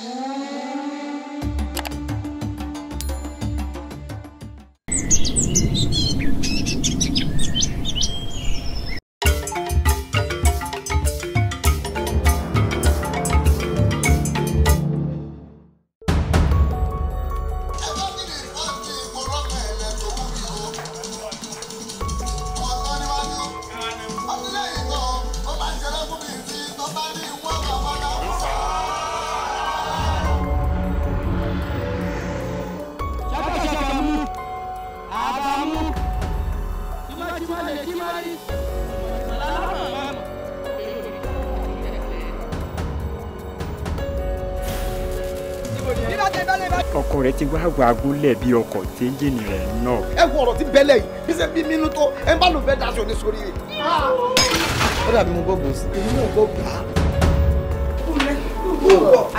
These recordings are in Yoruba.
Thank you. wàgúnlẹ̀ bí ọkọ̀ tí ẹ́ńjìnì rẹ̀ ń ẹ wo ọ̀rọ̀ tí bẹ́lẹ̀ yìí bí ṣe bí mímú tó ẹ bá lò fẹ́ daṣọ ní sórí rẹ̀. ó dàbí mo gbọ́gbọ́ sí i mo gbọ́gbọ́.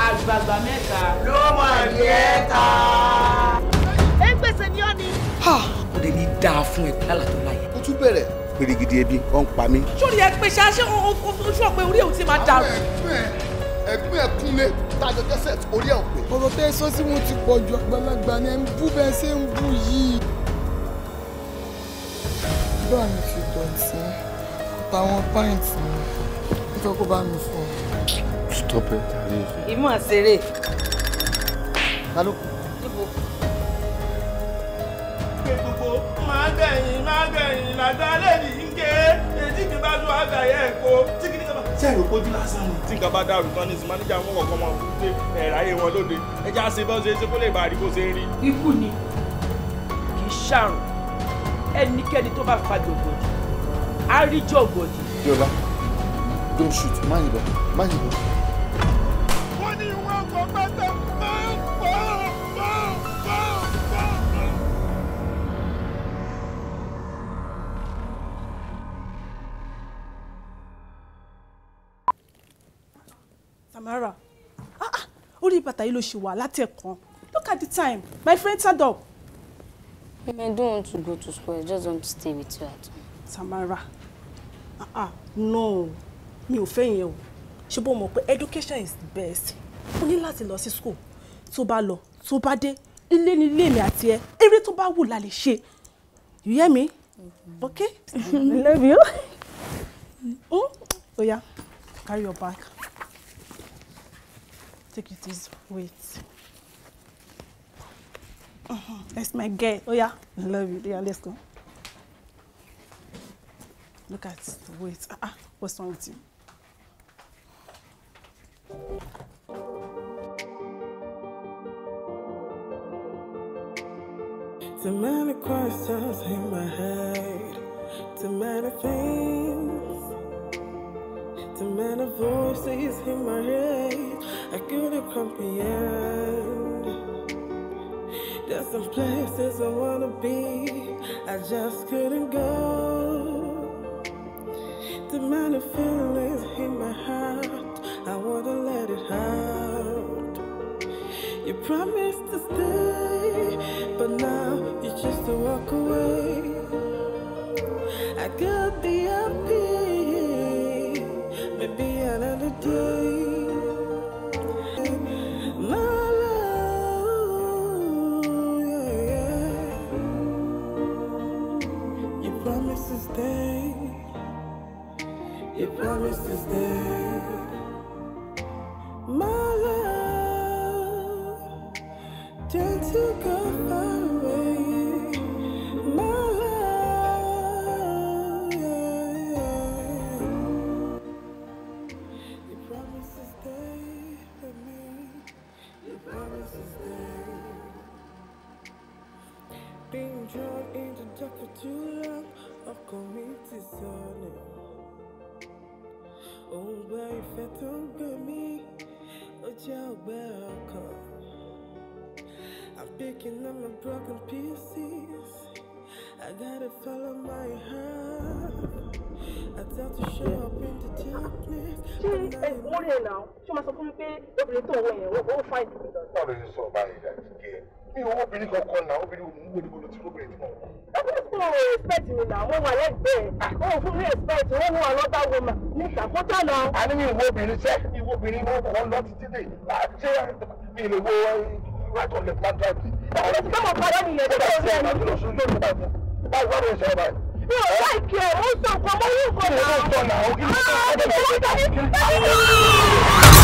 àgbààgbà mẹ́ta ló mọ̀ ní ẹ̀ta. ẹ gbèsè ni ó ní. kò dé ní fún ẹ lálàá tó láyé. ó tún bẹ̀rẹ̀ gidigidi ebi ọ̀ ń pa mí. sórí ẹ pèsè aṣẹ́ òṣùwọ̀n pé orí ẹ̀ ti máa dàrú. ẹ̀gbọ́n ẹ̀ kúnlé tájọ jẹ́sẹ̀ orí ẹ̀ ò pé. ọ̀rọ̀ tẹ́ sọ sí wọn ti pọ̀ ju àgbàlagbà ni ẹ̀ bú bẹ́ẹ̀ ṣe ń bú yìí. bọ́ọ̀ mi fi dọ̀tí àtàwọn pint mi nítorí kó bá mi fọ. stop it. ìmú àṣeré. ta ló kù. níbo. pé gbogbo máa gbẹ̀yìn máa gbẹ̀yìn làgbà lẹ́yìn ń ké ètí mi bá tún àgbà yẹ kó ṣé ẹ̀rọ kojú lásán ni. tí nǹkan bá dàrú tán ní sí máníjà wọn kọ̀ọ̀kan máa fún pé ẹ̀rọ ayé wọn lóde ẹja ṣe bọ́ ṣe ṣe kó lè bá àdìgbò ṣe rí. ikú ni kì í ṣàrùn ẹnikẹ́ni tó bá fa jọ̀gbọ̀dì á rí jọ̀gbọ̀dì. yọlá don't shoot má yìnbọn má látàrí ló ṣe wà látẹ̀kan look at the time my friend stand up. women don't want to go to school i just want to stay with you at home. Samara ah ah no mi ò fẹ́ yẹn o ṣé bó mọ̀ pé education is the best o ní láti lọ sí school tó bá lọ tó bá dé ilé ni ilé mi àti ẹ eré tó bá wù la lè ṣe you hear me mm-hmm. okay i love you. Mm? Oh yeah, carry your bag take it easy wait that's uh-huh. my girl oh yeah I love you yeah let's go look at the weight ah uh -uh. what's wrong with you. Too many questions in my head, too many things, too many voices in my head. I couldn't comprehend. There's some places I wanna be, I just couldn't go. The many feelings in my heart, I wouldn't let it out. You promised to stay, but now you choose to walk away. I got the appeal, maybe another day. This is stay. mind mi lọ. báwo ló ṣe sọ báyìí láti gé mi ò obìnrin kankan náà obìnrin ò mú gbogbo tí obìnrin tí mo. ẹgbẹ́ tí mo respect mi náà wọ́n wà lẹ́gbẹ̀ẹ́ wọ́n fún mi respect wọ́n mú wọn lọ́gbà wọ́mà ní ìtàkùtà náà. a ní mi obìnrin sẹ́ ìwọ obìnrin wọn kọ́ lọ títí dé àti mi ìlú wo right on the plan drive. ọ̀rọ̀ ti bá mo padà nìyẹn tó ń sẹ́yìn. báwo ló ṣe sọ báyìí mi ò láìkí ẹ̀ mo sọ nǹkan mo yí nǹkan náà. mo sọ nǹkan náà ó kí n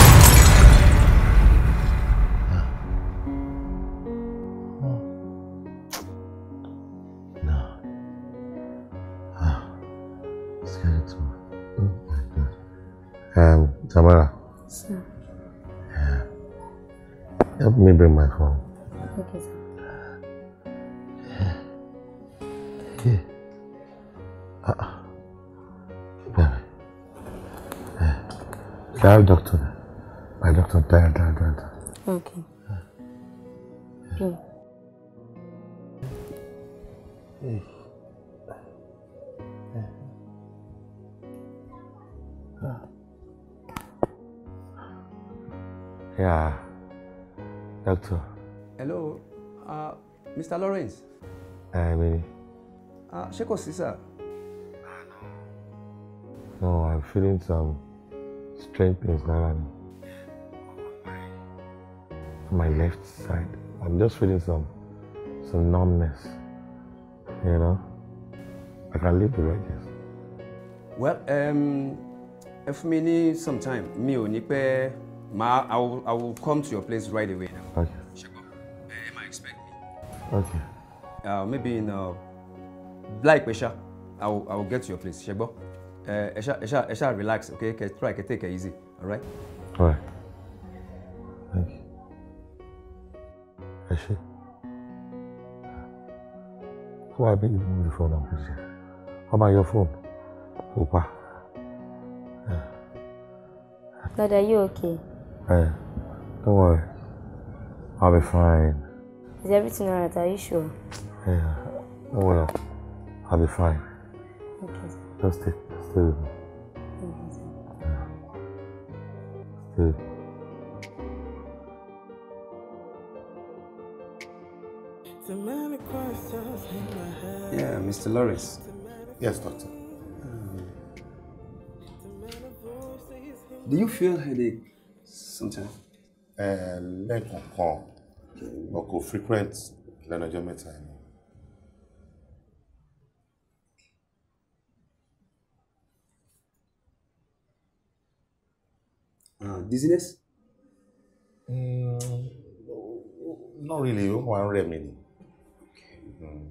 me bring my phone. Okay, sir. Okay. Uh, well, uh, dial doctor. My doctor, dial, dial, dial. Okay. Uh, yeah. Hey. Yeah. Doctor. Hello, uh, Mr. Lawrence. Ẹ mi ni. Ah, ṣé kò sí sà? No, I'm feeling some strange things now. mi. On my left side, I'm just feeling some some numbness. You know, I can the right this. Well, um, if me need some time, me ò ní Ma, I will, I will come to your place right away. Now. Okay. Shego, uh, eh, Emma, expect me. Okay. Uh, maybe in uh, like Esha, I will, I will get to your place. Shego, uh, eh, Esha, Esha, Esha, relax. Okay, okay try, okay, take it easy. All right. All right. Thank you. Esha. Why have you move the phone on, please? How about your phone? Opa. Dad, are you okay? Hey, don't worry. I'll be fine. Is everything alright? Are you sure? Yeah, don't oh worry. I'll be fine. Okay. Just stay, stay with me. Okay. Yeah. Stay Yeah, Mr. Lawrence. Yes, doctor. Um, do you feel headache Sometimes. ẹ eh, lẹ́ẹ̀kọ̀ọ̀kan but kò frequent lẹ́nu ọjọ́ mẹ́ta yẹn. Uh, ah, dizziness? Mm, not really. Ó wà ń rẹ̀ mí ni. Mm.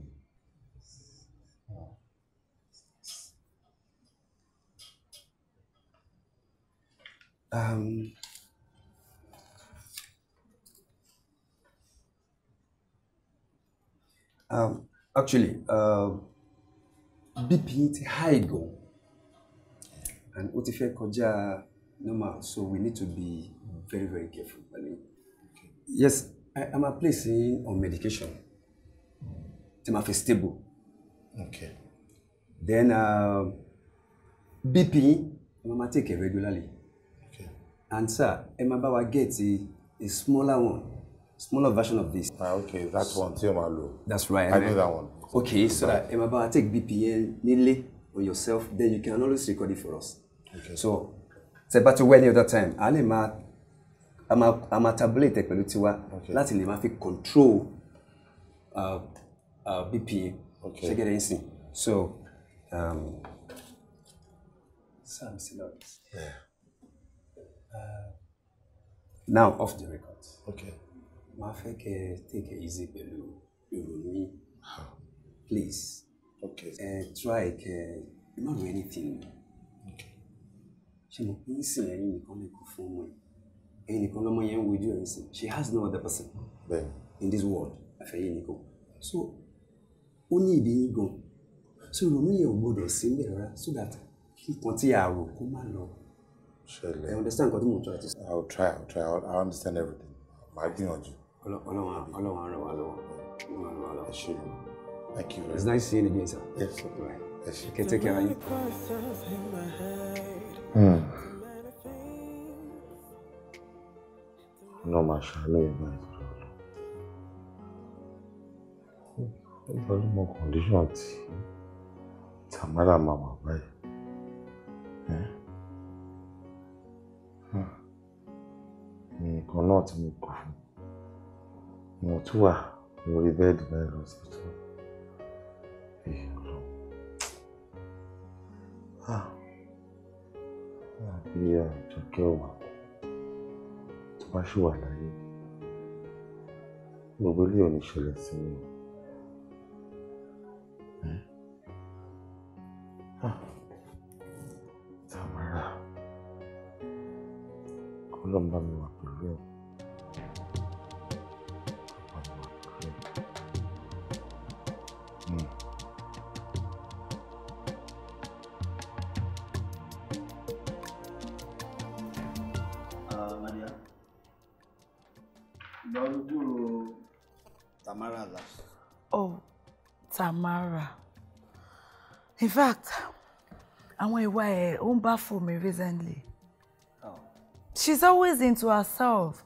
Um, Um, actually, uh, BP ti high go, and ó ti fẹ́ kọjá normal so we need to be very very careful. I mean, Yes, I am a place on medication tí ma fi stable. Okay. Then uh, BP ẹ ma take regularly. Okay. And sir, ẹ máa bá wa get a smaller one. smaller version of this. Ah, okay, that one, Tiomalo. That's right. I know that one. Okay, so that to take BPN, Nile, or yourself, then you can always record it for us. Okay. So, ṣe back to when the other time, a lè máa a máa a máa tabulate pẹ̀lú tiwa fi control uh, uh, BPN. Okay. Ṣé gẹ́gẹ́ yín So, um, Sam Siloris. Yeah. Uh, now off the records. Okay. máa fẹ́ kẹ́ ẹ take it easy pẹ̀lú ìrònú yìí please okay. uh, try kẹ́ ẹ má ro anything ṣe mo pín in sìn ẹ̀yìn nìkan lè kó fún ọmọ yìí ẹ̀yìn nìkan lọ́mọ yẹn ń wojú ẹ̀yìn sìn she has no other person Bẹ́ẹ̀. in this world àfẹ́yìn nìkan so ó ní ìdí yín gan so ìrònú yẹn ò gbọdọ̀ sí níbẹ̀ rárá so that kíkan tí a rò kó má lọ. Surely. I understand nǹkan I will try I will try I will understand everything on you. Ọlọ́run Ọlọ́run ara wa lọ́wọ́. Thank you It's nice seeing you again, sir. Yes, sir. Right. Yes, sir. Okay, take care of you. Hmm. No, Masha, I love you, man. Pẹ̀lú mọ kọ̀ndíṣọ̀n tí Tamara máa wà báyìí. Hmm. Hmm. Nǹkan náà tí mo kọ̀ fún un mo tún wà lórí bẹ́ẹ̀dì náà lọ sí tó èyí lọ. àbí àjọkẹ́ ọ̀wà tó bá ṣì wà láyé gbogbo ilé ò ní ṣẹlẹ̀ sí mi o. Eh? Ah, Tamara, kó ń bá mi wà pẹ̀lú ẹ̀. in fact àwọn ìwà ẹ̀ ó ń bá fò mí recently oh. she's always into herself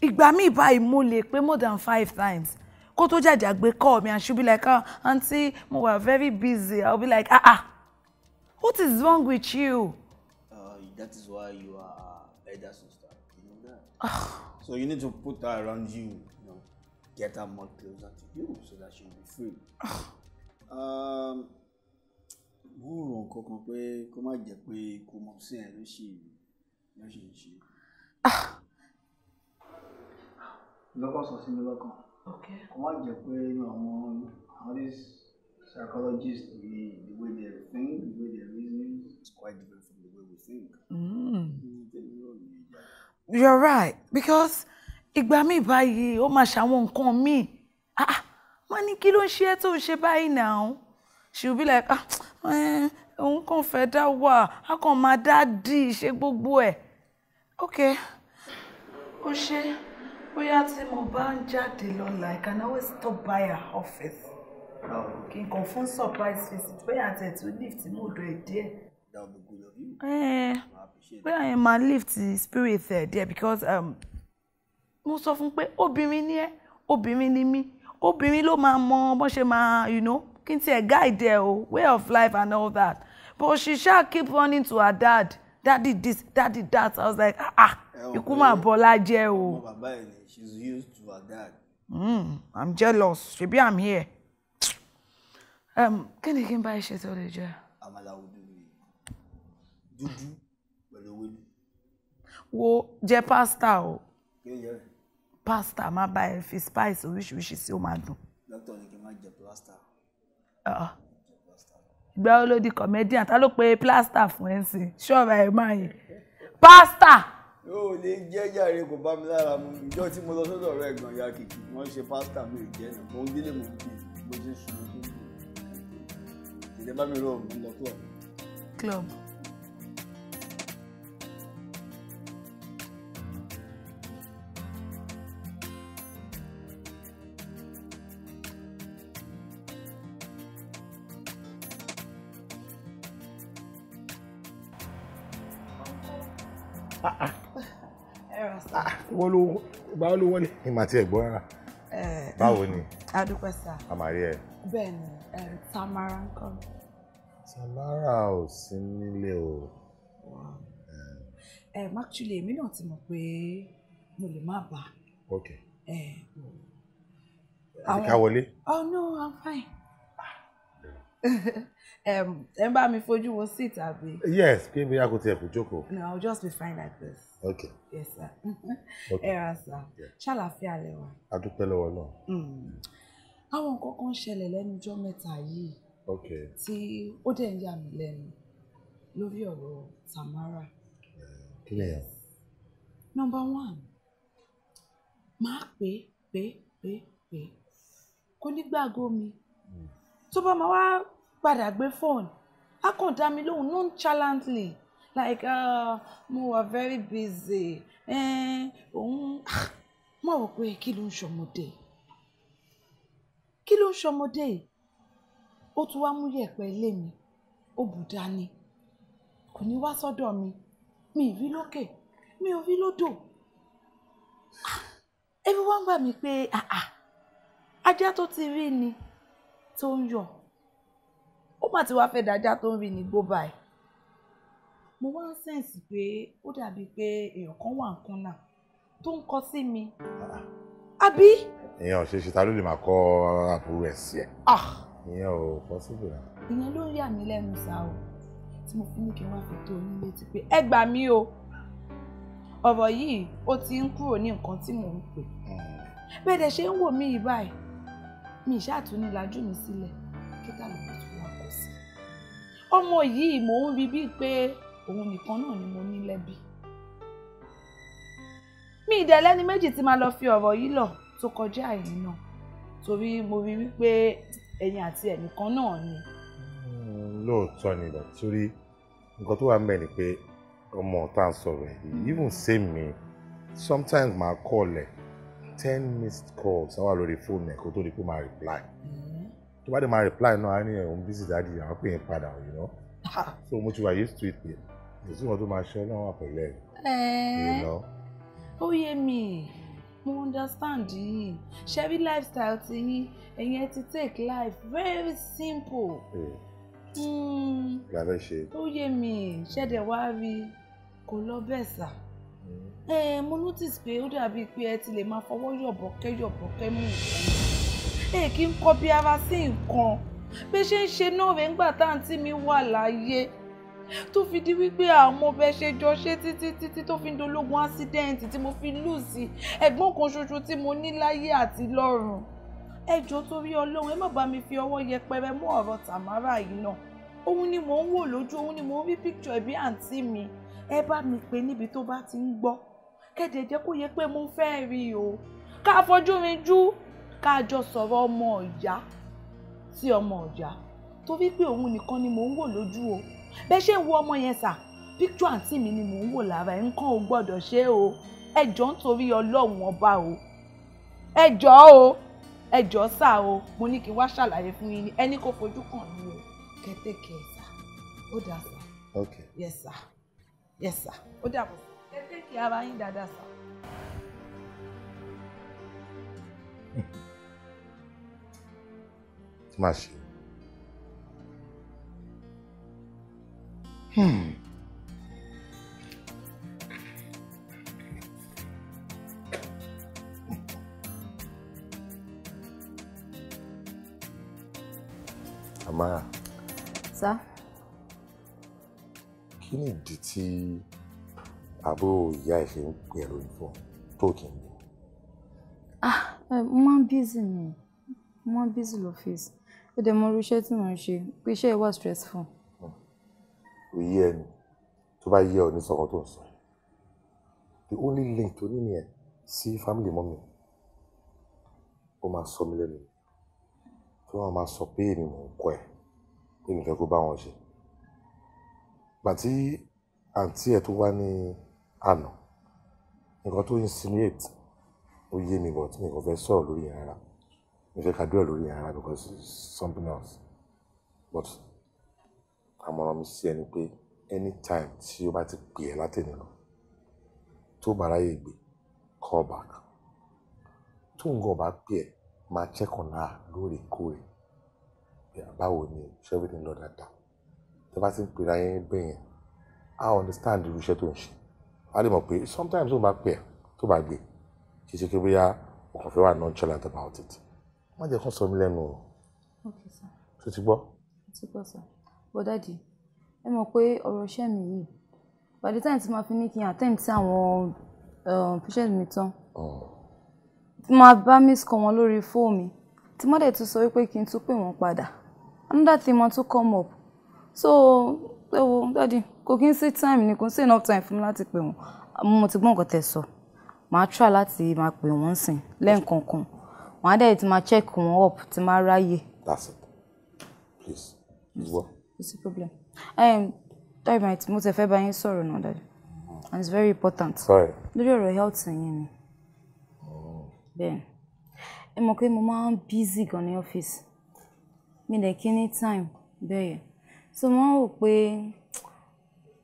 ìgbà mi ìbá ìmúlẹ̀ pé more than five times kó tó jàjà gbé call me and she be like ah oh, aunty mo wà very busy i'll be like ah ah what is wrong with you. Uh, that is why you are elder sister you know that. Ah. so you need to put her around you you know get her more closer to you so that she be free. Ah. um, mo ń rò nǹkan kan pé kó má jẹ́ pé kò mọ̀ sí ẹ̀ ló ṣì ló ṣì ń ṣe. Ah! lọ́kàn sọ sí mi lọ́kàn kó má jẹ́ pé àwọn àwọn psychologists yìí the way they think the way they reason is quite different from the way we think. Mm. you're right because ìgbà míì báyìí ó máa ṣàwọn nǹkan míì ah, ah wọ́n ní kí ló ń ṣe é tó ń ṣe báyìí náà she will be like ah eh, òun kàn fẹ́ dá wà á kàn máa dá dì í ṣe gbogbo Okay, ok ó ṣe bóyá tí mo bá ń jáde lọ́la I can always stop by her office No, n kàn fún surprise visit bóyá àti to lift lift mú ọ̀dọ̀ ẹ̀ Eh, bóyá yẹn máa lift spirit there díẹ̀ because um, mo sọ fún pé obìnrin ni ẹ́ obìnrin ni mí obìnrin ló máa mọ bó ṣe máa you know kí n tiẹ̀ guide ẹ way of life and all that but she shall keep running to her dad daddy this daddy that i was like ah you come mà bọ́lá jẹ́ o. bàbá used to her dad. Mm, i'm jealous Maybe i'm here. Um, kí ni kí n bá ẹ ṣe tó lè jẹ. àmàlà òdu dúdú pẹ̀lú ewédú. wo jẹ pásítà o pásítà má bá ẹ fi spice oríṣiríṣi sí ó máa dùn. Doctor, ní kí n má jẹ Ah. ìgbà wo ló di comedian ta ló pe plaster fún ẹ sí ṣọ́ọ̀bù ẹ̀ máa yẹn pásítà. yóò lè jẹ́ jàre kò bá mi lára mu ìjọ tí mo lọ sọ́dọ̀ ọ̀rẹ́ ẹ̀gbọ́n ya kìkì wọ́n ṣe pásítà mi ò jẹ́ ẹ̀ mo ń mo ń mo ṣe sùn ní kí n mi rọ òun lọ club. club. wọ́n ló gbà ó ló wọlé. ìmọ̀ àti ẹ̀gbọ́n rárá. báwo ni. adúpẹ́ sá. àmàrí ẹ. bẹ́ẹ̀ ni Tamara ń kọ́ Tamara ò sí nílé o. actually èmi náà ti mọ̀ pé mo lè má bà. ok. àwọn ká wọlé. oh no i'm fine. ẹ ń bá mi fojú wo sí tàbí. yes kí n bí a kò tiẹ̀ kò jókòó. no i'll just be fine like this. Ok. yes sir ẹ ra sà ṣàlàfíà lẹwà. adúpẹ́ lọ́wọ́ náà. Hmm. àwọn nǹkan kan ṣẹlẹ̀ lẹ́nu ọjọ́ mẹ́ta yìí tí ó dẹ̀ ń yà mí lẹ́nu lórí ọ̀rọ̀ Tamara. Eh, kí ni ẹ̀. number one máa pè pè pè pè kò ní gbàgbọ́ mi hmm. tó bá máa wá padà gbé fóònù á kàn dá mi lóhùn nonchalantly. Mm like uh, mo wà very busy eh, òun ah, mo wò pé kí ló ń ṣọmọdé kí ló ń ṣọmọdé ó tún wá mú yẹ̀pẹ̀ ilé mi ó bù dání kò ní wá sọ́dọ̀ mi mi ì rí lókè mi ò rí lódò ẹbí ah, wá gbà mí pé ah, ajá tó ti rí ni tó ń yọ ó mà ti wá fẹ́ dájá tó ń rí ni gbó báyìí mo wá ń sẹ́ǹsì pé ó dàbíi pé èèyàn kan wà nǹkan náà tó ń kọ sí mi. Ah. àbí. èèyàn ò ṣe ṣe ta ló lè máa kọ àbúrò ẹ̀ sí ẹ̀. Ah. ìyẹn ò possible náà. ìyẹn ló yà mí lẹ́nu sá o tí mo fi ní kí n wá fi tó yín létí pé ẹ gbà mí o ọ̀rọ̀ yìí ó ti ń kúrò ní nǹkan tí mò ń pè hmm. bẹ́ẹ̀ dẹ̀ ṣe ń wò mí yìí báyìí mi ìṣàtúní lajú mi sílẹ̀ kí tàbí ọmọ yìí mò ń rí pé òun nìkan náà ni mo ní lẹ́bi mi ìdẹ̀lẹ́ni méjì tí máa lọ fi ọ̀rọ̀ yìí lọ tó kọjá ẹ̀yìn náà torí mo rí wípé ẹ̀yin àti ẹnìkan náà ni. Hmm, lóòótọ́ ni ìgbà torí nǹkan tó wà ń bẹ̀ ni pé ọmọ ọ̀tá ń sọ̀rọ̀ yìí even say me sometimes máa call ẹ̀ ten missed calls àwọn lórí fóònù ẹ̀ kó tó di pé máa reply hmm. tó bá dé máa reply náà á ní ẹ̀ òun busy dáàdi àwọn pè é padà you so mo ti wà used to it kò sí wọn tó máa ṣe ọlọ́run wà pẹ̀lẹ́ ẹ̀ eh. ó yé mi mo understand yìí ṣebí lifestyle ti yín ẹ̀yin ẹ ti take life very simple eh. hmm. la fẹ́ ṣe ó yé mi ṣẹ̀dẹ̀ wá rí kò lọ bẹ́ẹ̀ sà ẹ hmm. eh, mo notice pé ó dàbíi pé ẹ ti lè máa fọwọ́ yọ̀bọ̀kẹ́ yọ̀bọ̀kẹ́ mú nǹkan ẹ kí n kọ bí ara sí nǹkan bí ṣe ń ṣe náà rẹ̀ ńgbà tá àǹtí mi wà láyé tó fi di wípé àwọn ọbẹ̀ ṣe jọ ṣe títí títí tó fi ń dológun accident tí mo fi lù sí ẹ̀gbọ́n kan ṣoṣo tí mo ní láyé àti lọ́run ẹ jọ̀ọ́ torí ọlọ́run ẹ má bá mi fi ọwọ́ yẹpẹrẹ mú ọ̀rọ̀ Tamara yìí náà òun ni mò ń wò lójú òun ni mò ń rí píkṣọ ẹbí àǹtí mi ẹ bá mi pè níbi tó bá ti ń gbọ́ kẹ́dẹ̀ jẹ́ kó yẹ pé mo fẹ́ rí o ká fojú mi jú ká jọ sọ̀rọ̀ ọmọ ọ̀yá sí ọmọ ọ̀yá torí pé òun nìkan ni mò ń wò lójú o bẹ́ ṣe ń wo ọmọ yẹn sà píkítù àǹtí mi ni mò ń wò lára ẹ̀ nǹkan ò gbọ́dọ̀ ṣe o ẹ jọ̀ọ́ nítorí ọlọ́run ọba o ẹ o ẹ sà o mo ní kí n wá ṣàlàyé fún yín ẹni kò fojú kàn mí o kẹtẹkẹ sà ó dà sà okay yes sà yes sà ó dà kẹtẹkẹ ara yín dáadáa sà. máa ṣe Hmm. Amara. Sá. Kí ni ìdí tí àbúrò ìyá ẹ̀ ṣe ń pè ẹ́ lórí fún tó kì í lò? Ah, mo máa ń bízì ni, mo máa ń bízì lọ́fíìsì. Ó dẹ̀ mọ irú iṣẹ́ tí mò ń ṣe, pé iṣẹ́ ẹ wà stressful kò yí ẹnu tó bá yí ẹ ò ní sọ̀kan tó ń sọ the only link tó ní nìyẹn sí family mọ́mi ó máa sọ mí lẹ́nu tí wọ́n máa sọ pé èmi mò ń kọ́ ẹ̀ pé mi fẹ́ kó bá wọn ṣe gbàtí àǹtí ẹ̀ tó wá ní àná nǹkan tó insinuate ó yé mi but mi kò fẹ́ sọ̀rọ̀ lórí yẹn mi fẹ́ kàdúrà lórí yẹn because it's something else but àmọ̀ràn mi sí ẹ ni pé anytime tí ó bá ti pè ẹ́ látẹ̀lé lọ tó bá ráyè gbé call back tó ń gan bá pè ẹ́ máa check on her lóòrèkóòrè báwo ni ṣé everything lọ dáadáa tí a bá ti ń pè ráyè bẹ́ẹ̀ yẹn understand irú iṣẹ́ tó ń ṣe á lè mọ̀ pé sometimes tó bá pè ẹ́ tó bá gbé kì í ṣe pé bóyá o fẹ́ wà nonchalant about it má jẹ́ kó sọ mí lẹ́nu o. ok sir. tó ti gbọ́. tó sir bọ́ dáàdì ẹ mọ̀ pé ọ̀rọ̀ iṣẹ́ mi yìí by the time tí máa fi ní kí n attend sí àwọn um, patient mi tán oh. tí máa bá miss call wọn lórí fóònù mi tí má dẹ̀ tún sọ wípé kí n tún pè wọ́n padà another thing ma tún come up so ẹ wo dáàdì kò kí n sí time ni kò sí enough time fún mi láti pè wọ́n àmọ́ mo ti gbọ́ nǹkan tẹ̀ sọ màá try láti máa pè wọ́n sìn lẹ́ǹkankan màá dẹ̀ ti máa check wọ́n up ti máa ráyè. that's it please. Well kò sí problem. tyrant mo tẹ̀ fẹ́ bá yín sọ̀rọ̀ náà dájú mm-hmm. and it's very important lórí ọ̀rọ̀ health yín health, oh. bẹ́ẹ̀ ẹ mọ̀ pé mo máa ń busy gan the office. mi dẹ̀ kí ní time bẹ́ẹ̀ so Mama, we ń rò pé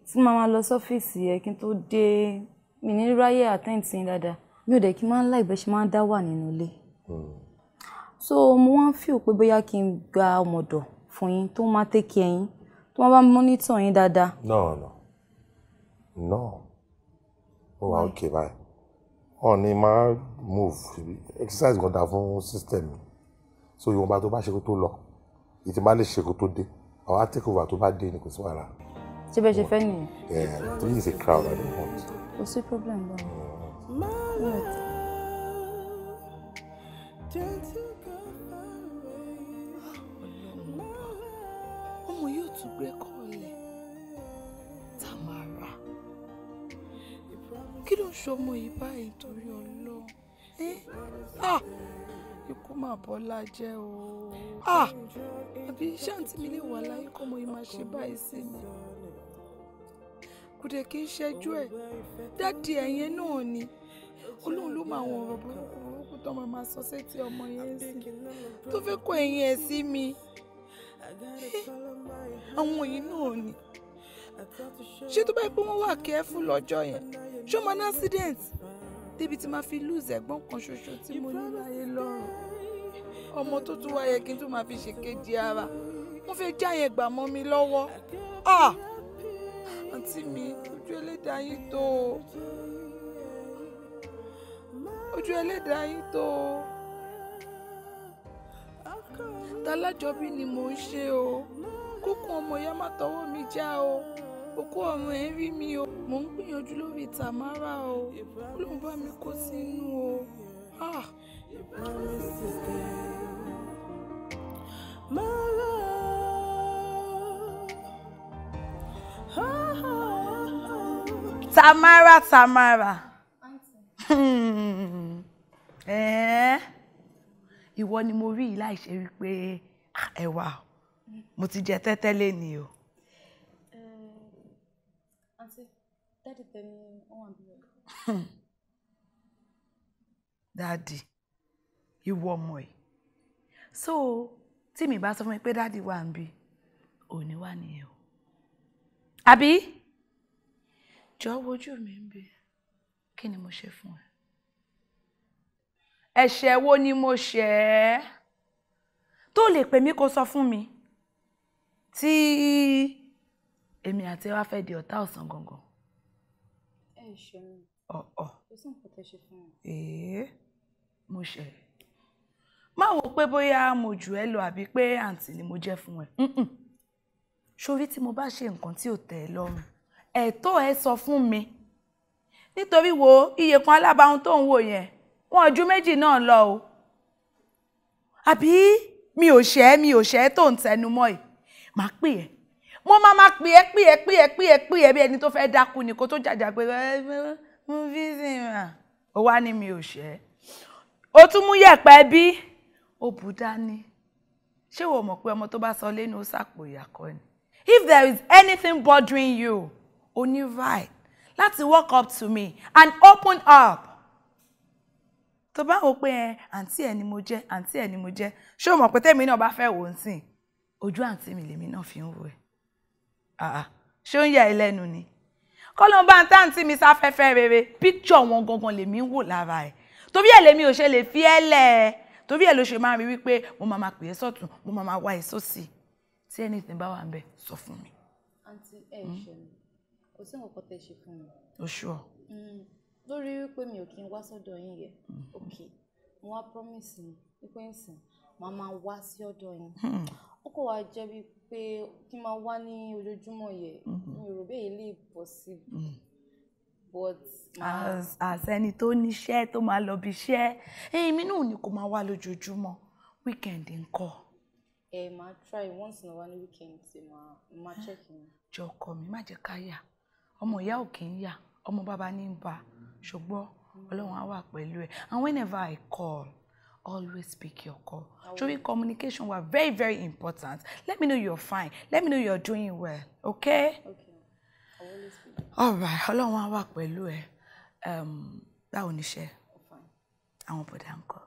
tí màá máa lọ sọ́fíìsì yẹn kí n tó dé mi ní ráyè attend sí yín dáadáa mi ò dẹ̀ kí n máa ń láì bẹ́ẹ̀ ṣe mm. so Mama feel we bóyá a n girl model fún yín tó máa take care yín tó máa bá monitor yín dáadáa. no no no oh, ó wà okay báyìí wọn ni máa move exercise kan dà fún system mi so ìwọ̀nba tó bá ṣe kó tó lọ ìtì bá lè ṣe kó tó dé àwọn á take over tó bá dé ni kò sí wàhálà. ṣé bẹ́ẹ̀ ṣe fẹ́ nìyẹn. yeah three is a crowd i don't want. kò sí problem báwo. Mm. àtúgbẹ́kọ̀lẹ̀ Tamara kí ló ń ṣọmọ yìí báyìí torí ọlọ́run ah ikú mà bọ́lá jẹ́ o ah àbí ṣáǹtì mi lè wà láyé kọ́mọ yìí máa ṣe báyìí sí mi kò dẹ̀ kí n ṣẹ́jú ẹ̀ dáàdi ẹ̀yẹn náà ni olóhùn ló máa wọn ọ̀rọ̀ burúkú burúkú tó máa sọ sétí ọmọ yẹn sí tó fẹ́ kó ẹ̀yìn ẹ̀ sí mi àwọn yìí náà ni ṣé tó bá yẹ pé wọ́n wà kẹ́ẹ́fù lọ́jọ́ yẹn ṣó máa ní accident débi tí máa fi lose ẹ̀gbọ́n kan ṣoṣo tí mo ní láyé lọ́rùn ọmọ tó tún wá yẹ kí n tún máa fi ṣèkejì ara wọ́n fẹ́ já yẹn gbà mọ́ mi lọ́wọ́ ah! àǹtí mi ojú ẹlẹ́dàá yín tó ojú ẹlẹ́dàá yín tó talájọbí ni mò ń ṣe o kókun ọmọ ìyá má tọwọ́ mi já o òkú ọmọ ẹ̀ ń rí mi o mò ń gbìyànjú lórí Tamara o ó lóun bá mi kó sínú o. Ah! Tamara, Tamara. Auntie. Hmm. eh ìwọ ni mo rí yìí láì ṣe wípé ah, ẹwà mo ti jẹ tẹ́tẹ́ lẹ́ni o. Eh, àǹtí dáàdì tẹ̀lé wọn wà níbí rẹ̀. dáàdì ìwọ ọmọ ẹ̀ so tí mi bá sọ fún mi pé dáàdì wà ń bí òní wà nìyẹn o àbí jọ wojú mi ń bí kí ni mo ṣe fún ẹ ẹ̀ṣẹ̀ wo ni mo ṣẹ̀ ẹ́ tó lè pè mí kó sọ fún mi tí èmi àti wa fẹ́ di ọ̀tá ọ̀sán gangan. ẹ ṣe mi ọ̀ọ̀ kò sí nǹkan tó ṣe fún mi. èé mo ṣẹ̀ má wò pé bóyá mo jù ẹ́ lọ àbí pé àǹtí ni mo jẹ́ fún ẹ sórí tí mo bá ṣe nǹkan tí ò tẹ́ ẹ lọ́rùn ẹ̀tọ́ ẹ sọ fún mi nítorí wo iye kan alábàáhùn tó ń wò yẹn wọn ju méjì náà lọ o àbí mi ò ṣẹ́ mi ò ṣẹ́ tó ń tẹnu mọ́ ẹ̀ máa pè ẹ́ mo máa máa pè ẹ́ pè ẹ́ pè ẹ́ pè ẹ́ pè ẹ́ bí ẹni tó fẹ́ dákú ni kó tó jàjà pé mo fi sìn mà ó wá ní mi ò ṣẹ́ ó tún mú yẹ̀pẹ̀ bí ó bù dání ṣé wo mọ̀ pé ọmọ tó bá sọ lẹ́nu ó sàpò ìyàkọ́ ni if there is anything bothering you o ní right láti walk up to me and open up tó bá wò pé ẹ àǹtí ẹ ni mo jẹ àǹtí ẹ ni mo jẹ ṣé o mọ̀ pé tèmi náà bá fẹ́ wò ó sìn ojú àǹtí mi lèmi náà fi ń wò ẹ ṣé ó ń yà ẹ lẹ́nu ni kọ́lọ́n bá ń tá àǹtí mi sáfẹ́fẹ́ rere píkṣọ̀ wọn gangan lèmi ń wò lára ẹ̀ torí ẹ̀ lèmi ò ṣe lè fi ẹ́ lẹ̀ ẹ́ torí ẹ̀ ló ṣe máa rí wípé mo máa máa pè é sọ̀tún mo máa wá ẹ sósì tí anything bá wà ń bẹ̀ sọ fún mi. àǹtí ẹ ṣe mi hmm? kò sí nǹkan tẹ ṣe fún mi. oṣù ọ. Hmm. lórí wípé mi ò kí n wá sọ́dọ̀ yín yẹn mm-hmm. ok mo wá promise ni wípé ń sìn màá máa wá sí ọ̀dọ̀ yín hmm. ó kò wá jẹ́ wípé kí n máa wá ní ojoojúmọ́ yẹn mm-hmm. mi ò rò bẹ́ẹ̀ lè possible hmm. but. àṣẹni tó níṣẹ́ tó máa lọ bí iṣẹ́ èmi náà ni kò máa wá lójoojúmọ́ weekend ńkọ́. ẹ máa try once in a while weekend ṣe máa máa check in. jọkọ mi má jẹ́ ká yà ọmọ ìyá ò kì í yà ọmọ bàbá ní í bá a. ṣùgbọ́n ọlọ́run á wà pẹ̀lú ẹ and whenever i call always pick your call showing communication wa very very important let me know you're fine let me know you're doing well okay. okay. alright ọlọ́run á wà pẹ̀lú ẹ um, báwo ni iṣẹ́ àwọn bọ̀dà ń kọ́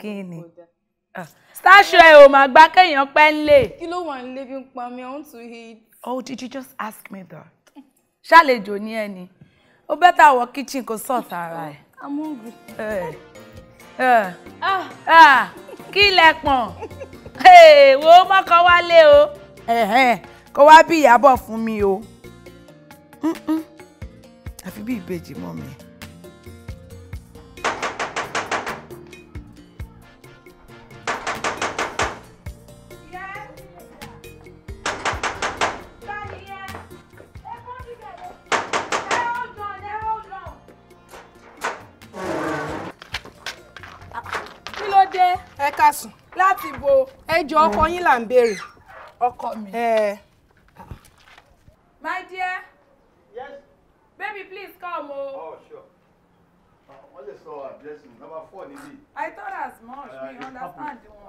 kí ni ah, starṣọ ẹ ò máa gbá kéèyàn pẹ́ ń lè. kí ló wà nílé bí ń pa mi i want to eat. oh did you just ask me that ṣàlejò ní ẹni ó better wọ kitchen kò sọ̀ tààrà ẹ̀. I'm hungry. ah ah. ẹ ah, kí lẹ pọ̀n wo mọ́kàn wálé o kó wá bí ìyàbọ̀ fún mi o àfi bí ìbejì mọ́ mi. kásùn láti bo ẹjọ́ ọkọ yín là ń béèrè. ọkọ mi. my dear. yes. baby please come o. oh sure. wọ́n lè sọ àdírẹ́sì number four níbí. i thought as much uh, we understand wọn.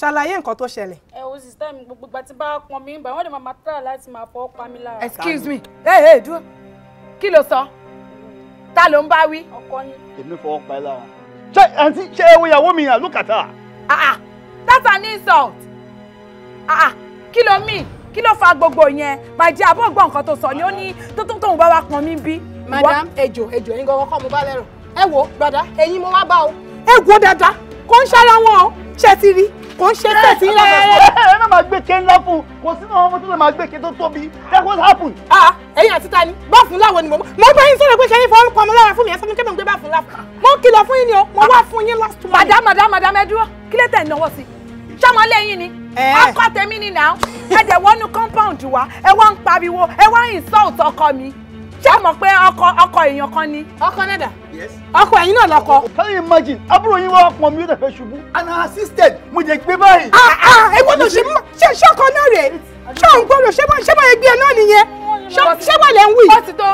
ṣàlàyé nǹkan tó ṣẹlẹ̀. ẹ o sister mi gbogbo ìgbà tí bá pọn mi ń bá wọn lè máa máa tà láti máa fọwọ́ pa mí lára. excuse me ẹ ẹ dúró kí ló sọ ta ló ń bá wí. ọkọ ni. èmi fọwọ́ pa ẹ́ lára. ṣé àǹtí ṣé ìyàwó mi yàn look at her. ah ah that's an insult. ah ah kí ló mì kí ló fa gbogbo yẹn màjí àbọ̀ gbọ́ nǹkan tó sọ ni ó ní tó tó tóun bá wa pọn mi bí. madam ejò ejò ẹ̀yin gangan kọ́ mo bá lẹ́rù ẹ wo brother ẹ̀yin mo wá bá o. ẹ wo dáadáa kó ń ṣára wọn o ṣe ti rí kò ń ṣe tẹ̀sí rẹ̀. ẹ má máa gbé ké ńlá fún un kò sínú àwọn ọmọ tó lè máa gbé ké tó tóbi that was happen. ẹ̀yin àti ta ni báfù ńlá wo ni mo mo bá yín sọ̀rọ̀ pé ṣe yín fọwọ́ ọmọ lára fún mi ẹ sọ fún mi kébà ń gbé báfù ńlá fún mo kìlọ̀ fún yín ni o mo wá fún yín last one. madam madam madam ẹ dúró kí lè tẹ̀ náwó sí i ṣọmọ lẹ́yìn ni akọ tèmi ni now ẹ dẹ̀ wọnú compound wa ẹ wá ń pariwo ẹ wá ń insult ọkọ mi ṣé mọ̀ pé ọkọ ọkọ èèyàn kan ni. ọkọ náà dà ẹ̀yin náà lọkọ. can you imagine àbúrò yín wá pọn mi ó dẹ̀fẹ̀ ṣubú and her assisted mo jẹ́ gbé báyìí. ah ah èwo ló ṣe ṣe ṣọkọ náà rèé ṣé òun gbọ́dọ̀ ṣé báyìí ṣé báyìí gbé ẹ náà nìyẹn ṣé wà lẹ́ ń wí. ó ti tó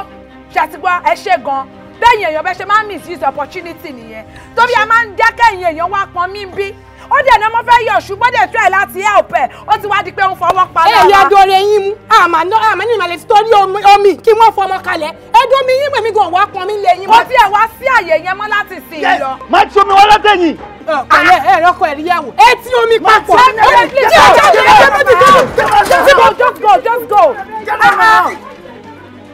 ṣàtìgbọ́ ẹ ṣe gan bẹ́ẹ̀ yẹn èèyàn bẹ́ẹ̀ ṣe máa ń misuse opportunity nìyẹn torí a máa ń dákẹ́ yẹn èèyàn wá pọn mí bí ó dẹ̀ náà mo fẹ́ yọ ṣùgbọ́n dẹ̀ try láti help ẹ̀ ó ti wá di pé ó ń fọwọ́ pa lára. ẹ̀yà dọ̀rẹ̀ yín mú àmà náà àmà nínú àlè torí omi kí wọ́n fọmọ kalẹ̀ ẹ̀dùn mi yín mẹ̀mí gan wá pọn mi lè yín. ó ti ẹ̀ wá sí àyè yẹn mọ́ láti sìn ín lọ. má tí omi wá látẹ̀yìn. ọ̀pẹ̀lẹ̀ ẹ̀ rọ́kọ ẹ̀ ríyàwó. ẹ ti omi papọ̀. just go just go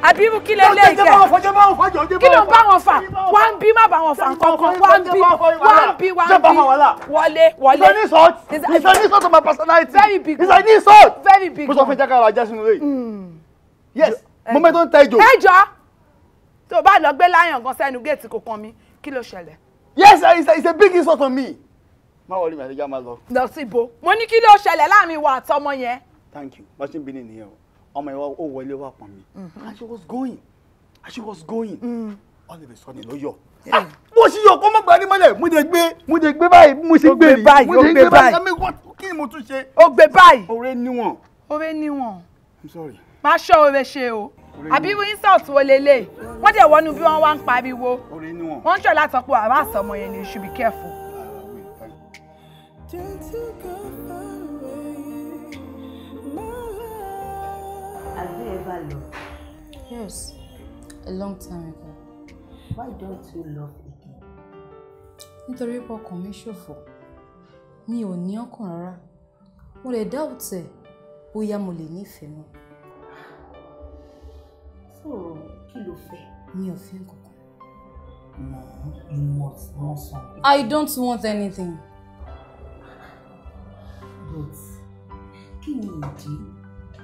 àbí irú kí lélẹ́ ìkẹ́ kí ló ń bá wọn fà wá ń bí má bá wọn fà kankan wá ń bí wá ń bí wá ń bí wọlé wọlé. it's an insult it's an insult to my personality very big it's an insult very big mo sọ fún jákàrà ajá sínú rẹ hmm. yes mo mẹ́tọ́ ń ta ejò. ejò tó bá lọ gbé láyàn gan sẹ́nu géètì kò kàn mí kí ló ṣẹlẹ̀. yes it's a, it's a big insult on me. má wọlé mi àti ìjà máa lọ. lọ sí ibo mo ní kí ló ṣẹlẹ̀ láàrin ìwà àtọmọ yẹn. thank you bá ṣe ń bí nìyẹn o ọmọ ìwà ó wọlé wà pọ̀ mi mm-hmm. and she was going and she was going mm. all of a sudden ló yọ ah, mo sì yọ kó má gbà ní mọ́lẹ̀ mo dé gbé mo dé gbé báyìí mo sì gbé mi mo dé gbé báyìí kí ni mo tún ṣe. o gbé báyìí. ọ̀rẹ́ níwọ̀n. ọ̀rẹ́ níwọ̀n. i'm sorry. má ṣọ́ ọ̀rẹ́ ṣe o àbí insult wo lélẹ̀ wọ́n dẹ̀ wọnú bí wọ́n wá ń pariwo wọ́n ń ṣọ̀ látọ̀ pé àbá àsọmọ yẹn ni you should be careful. Ah, ever Yes, a long time ago. Why don't you love again? Nítorí pé report mi for. Me ò ní ọkàn rárá. Mo lè doubt ẹ̀ bóyá mo lè nífẹ̀ẹ́ So, kill ló fẹ́? Me ò fẹ́ kankan. No, you must want something. I don't want anything. But Kill me,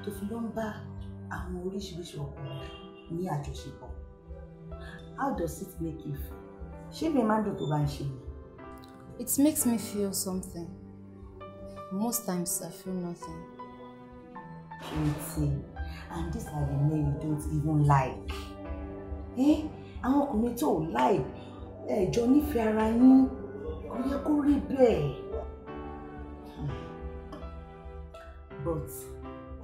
to feel fi lọ àwọn oríṣiríṣi ọkùnrin ní àjọṣepọ̀ how does it make you feel ṣé mi máa ń dùn tó bá ń ṣe mi. it makes me feel something most times i feel nothing. Plenty. And this are the men you don't even like. Eh? Àwọn ọkùnrin tó ò like ẹ̀jọ́ nífẹ̀ẹ́ ara yín kò yẹ kó rí bẹ́ẹ̀. Hmm. But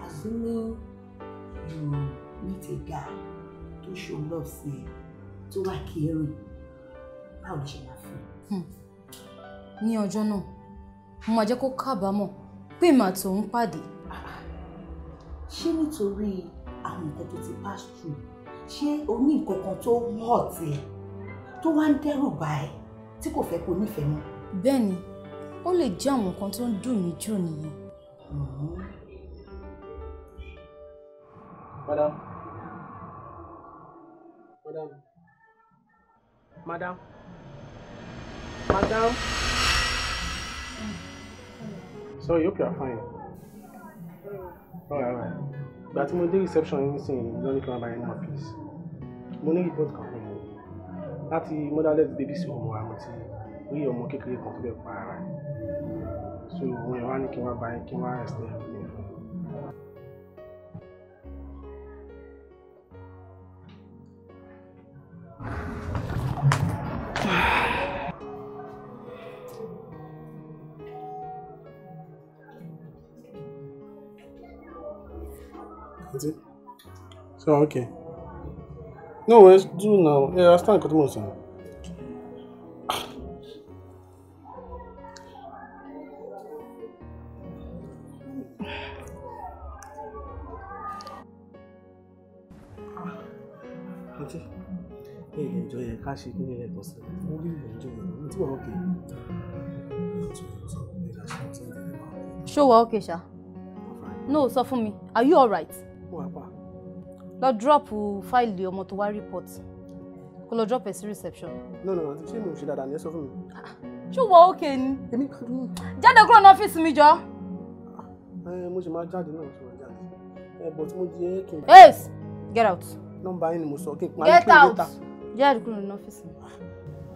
assuming you meet a guy to show love sí to tó wà caring báwo ló ṣe máa fún un. Hmm. ní ọjọ́ náà mo máa jẹ́ kó kábàámọ̀ pé màá tòun pàdé. Ah, ah. ṣé nítorí àwọn nǹkan tó ti pass through ṣé o ní nǹkan kan tó wọ̀ tiẹ̀ tó wá ń dẹ́rù bà ẹ́ tí kò fẹ́ kó nífẹ̀ẹ́ mọ́. bẹ́ẹ̀ ni ó lè jẹ́ àwọn nǹkan tó ń dùn mí jù nìyẹn. Mm-hmm madam madam madam madam. sorry hope you are fine. alright alright ìgbà tí mo dé reception yín don't lórí kan abayẹn náà please mo ní report kan fún mi the motherless baby sí ọmọ àwọn tí rí ọmọ kékeré kan tó bẹ̀ pa ara so òun ẹ̀ wá ní kí n wá bá yín kí Is So, okay. No, let's do now. Yeah, I stand Kotomo san. Okay. hey, enjoy your cash. You can get it, boss. Only enjoy it. It's okay. Show okay, Sha. No, suffer fún mi. Are you alright? kó lọ drop fáìlì ọmọ tó wá report kó lọ drop ẹ sí reception. no no àti ṣé mi ò ṣe dáadáa ni ẹ sọ fún mi. ṣé wọ òkè ni. èmi kàn ní. jáde kúrò ní ọ́fíìsì mi jọ. Ah, eh, mo ṣe máa jáde náà ṣe máa jáde ẹ bọ̀ tí mo di ẹ kì í. get out. nọ́mbà yín ni mo sọ kí n parí pé later. get out jáde kúrò ní ọ́fíìsì mi.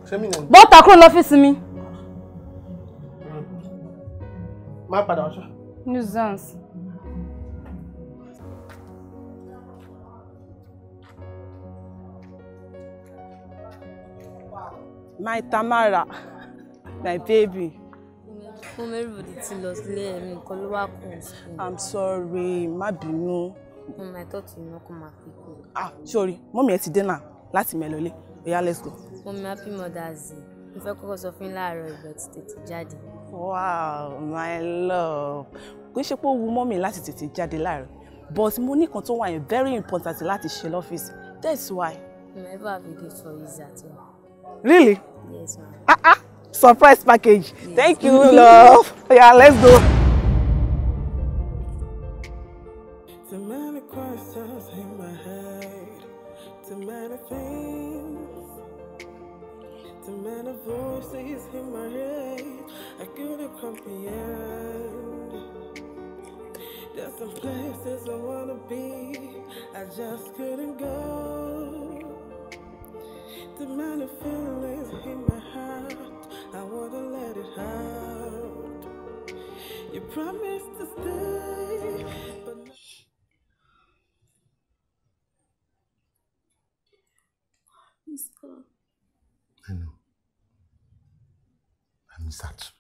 ṣé mi nà. bọ́ta kúrò ní ọ́fíìsì mi. Hmm. má padà wá ṣá. nuisance. my Tamara my baby. fún mẹ́rìndínlódì ti lọ sílé ẹ̀mí nǹkan i'm sorry má bínú. mo máa tọ́ tì ní ọkọ̀ máa ah sorry mọ́mí ẹ ti dé náà láti mẹ́lọ́lé oya let's go. mo mi happy mother's day mo fẹ́ kọ́kọ́ sọ fún yín But ìgbà tí wow my love kò ṣe pé ó wu mọ́mí láti tètè jáde láàárọ̀ but mo ní kan tó wà yẹn very important láti ṣe lọ́fíìsì that's why. never be good for you zati. Really? Yes, ma'am. Ah, ah. Surprise package. Yes. Thank you, love. yeah, let's go. Too many questions in my head. Too many things. Too many voices in my head. I couldn't comprehend. There's some places I wanna be. I just couldn't go the amount of feelings in my heart, I wanna let it out. You promised to stay, but no. Miss God. I know. I miss that.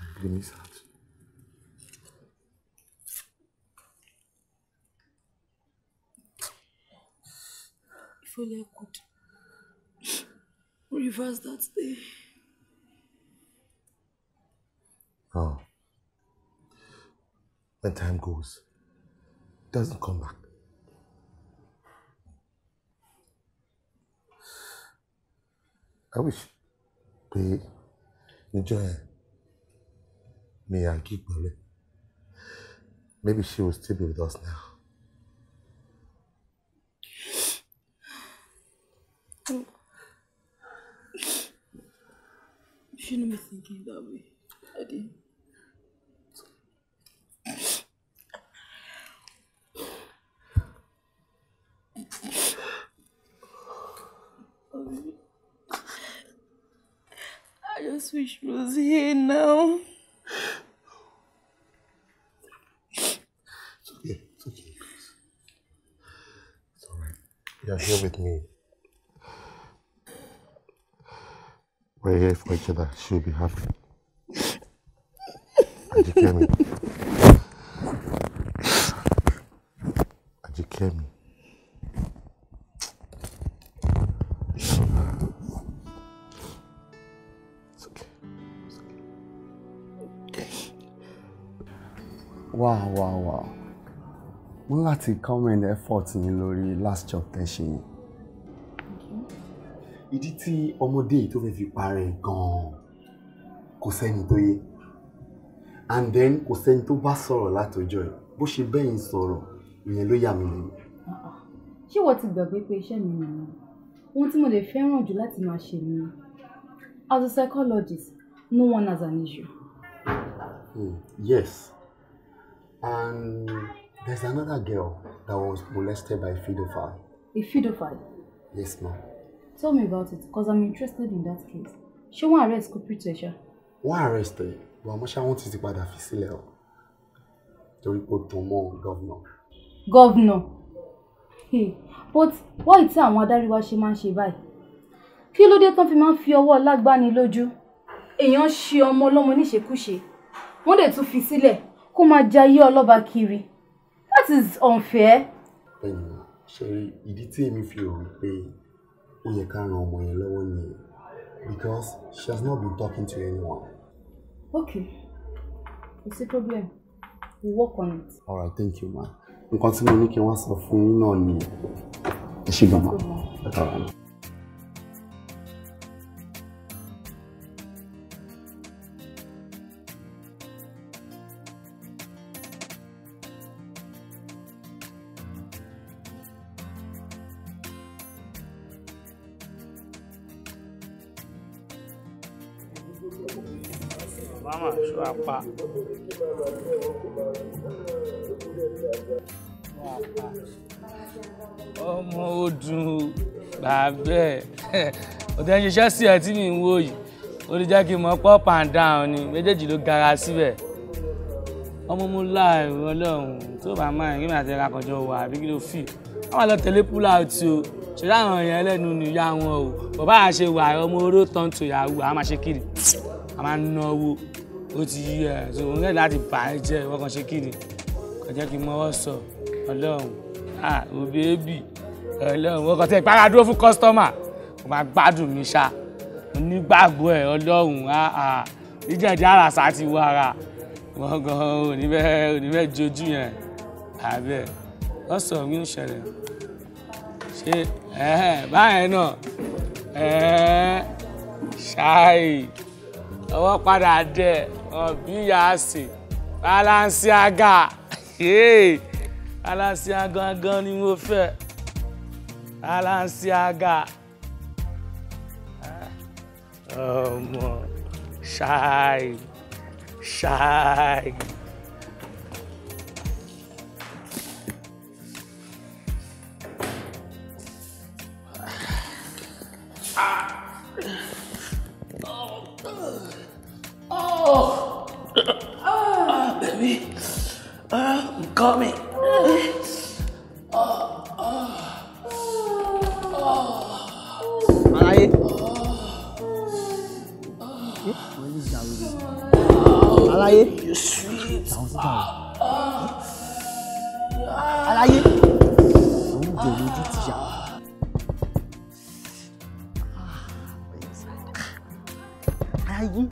I really miss her. surely could reverse that day. Oh. When time goes, doesn't come back. I wish pé níjọ́ yẹn mi àgí pẹ̀lú maybe she will still be with us now. shouldn't be thinking that way, Daddy. I just wish she was here now. It's okay, it's okay. It's alright. You're here with me. We're here for each other. She'll be happy. Ajikemi. me? wow wow wow mo láti comment effort in lórí last job tẹ́ ìdí tí ọmọdé yìí tó fẹ́ fi parẹ́ gan-an kò sẹ́ni tó yé and then kò sẹ́ni tó bá sọ̀rọ̀ látọjọ́ ẹ̀ bó ṣe bẹ́yìn sọ̀rọ̀ ìyẹn ló yà mí lẹ́nu. ṣé wọ́n ti gbàgbé pé iṣẹ́ mi nìyẹn ohun tí mo lè fẹ́ràn jù láti máa ṣe ni as a psychologist no one has an issue. Hmm, yes and there's another girl that was molested by a pedophile. A pedophile? Yes ma'am. Tell me about it, because I'm interested in that case. She wọ́n arrest culprit ẹ̀ ṣá? arrest ẹ̀, but àmọ́ ṣá wọ́n ti ti padà fi sílẹ̀ to report to more dùn mọ́ Hey, But why ì tí àwọn adarí she man she buy? ṣe báyìí. Kí ló dé tán fi máa ń fi ọwọ́ lágbáni lójú? Èèyàn ṣe ọmọ ọlọ́mọ níṣekúṣe. Wọ́n dẹ̀ tún fi sílẹ̀ kó máa jayé ọlọ́ba kiri. That is unfair. Bẹ́ẹ̀ni, ṣe ìdí tí èmi fi rò pé ó yẹ ká ran ọmọ yẹn lọ́wọ́ nìyẹn because she has not been talking to anyone. okay kò sí problem we work on it. all right thank you ma nǹkan tí mo ní kí wọ́n sọ fún yín náà nìyẹn ẹ ṣé gan bẹ́ẹ̀ òtẹ́ ń ṣiṣẹ́ sí ẹ tí mi ń wò yìí ó lè jẹ́ kí n mọ pop and down ni méjèèjì ló gara síbẹ̀ ọmọ mú láàrin ọlọ́run tó bá máa ń rí màtí ẹ̀ka kọjọ wà àbí kí ló fì wọ́n máa lọ tẹ̀lé púlà ọtí o ṣẹlẹ̀ àwọn èèyàn ẹlẹ́nu ni ìyá wọn o bàbá àá ṣe wà ọmọ oró tán tó yahoo àá máa ṣe kiri àá máa náwó ó ti yí ẹ̀ tó ń rẹ̀ láti bà á jẹ́ ìwọ́n kan ṣe kiri kọjá kí n mọ́wọ́ sọ ọlọ́run ah òbí ébì ọlọ́run ọkọ̀ tẹ ìpara dúró fún kọ́sítọ́mà kò máa gbádùn mi ṣá onígbàgbọ́ ẹ̀ ọlọ́run ìjẹ̀dí àràsà ti wọ ara wọn gan oníbẹ̀ oníbẹ̀ jojú yẹn àbẹ̀ wọ́n sọ mí ò ṣẹlẹ̀ ṣe báyẹn náà ṣáì ọwọ́ padà dẹ̀ ọ̀bí yàásì balansiaga balansiaga gan ni mo fẹ́. Balenciaga ọmọ Shy, shy. Oh, oh, baby, uh, I'm coming. aláyé. aláyé. àwọn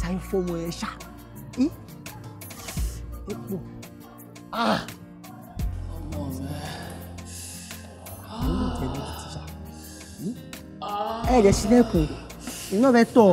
sáyé fọmọ ẹ ṣá. epo. ẹ jẹ́ sílẹ̀kùn iná bẹ tọ̀.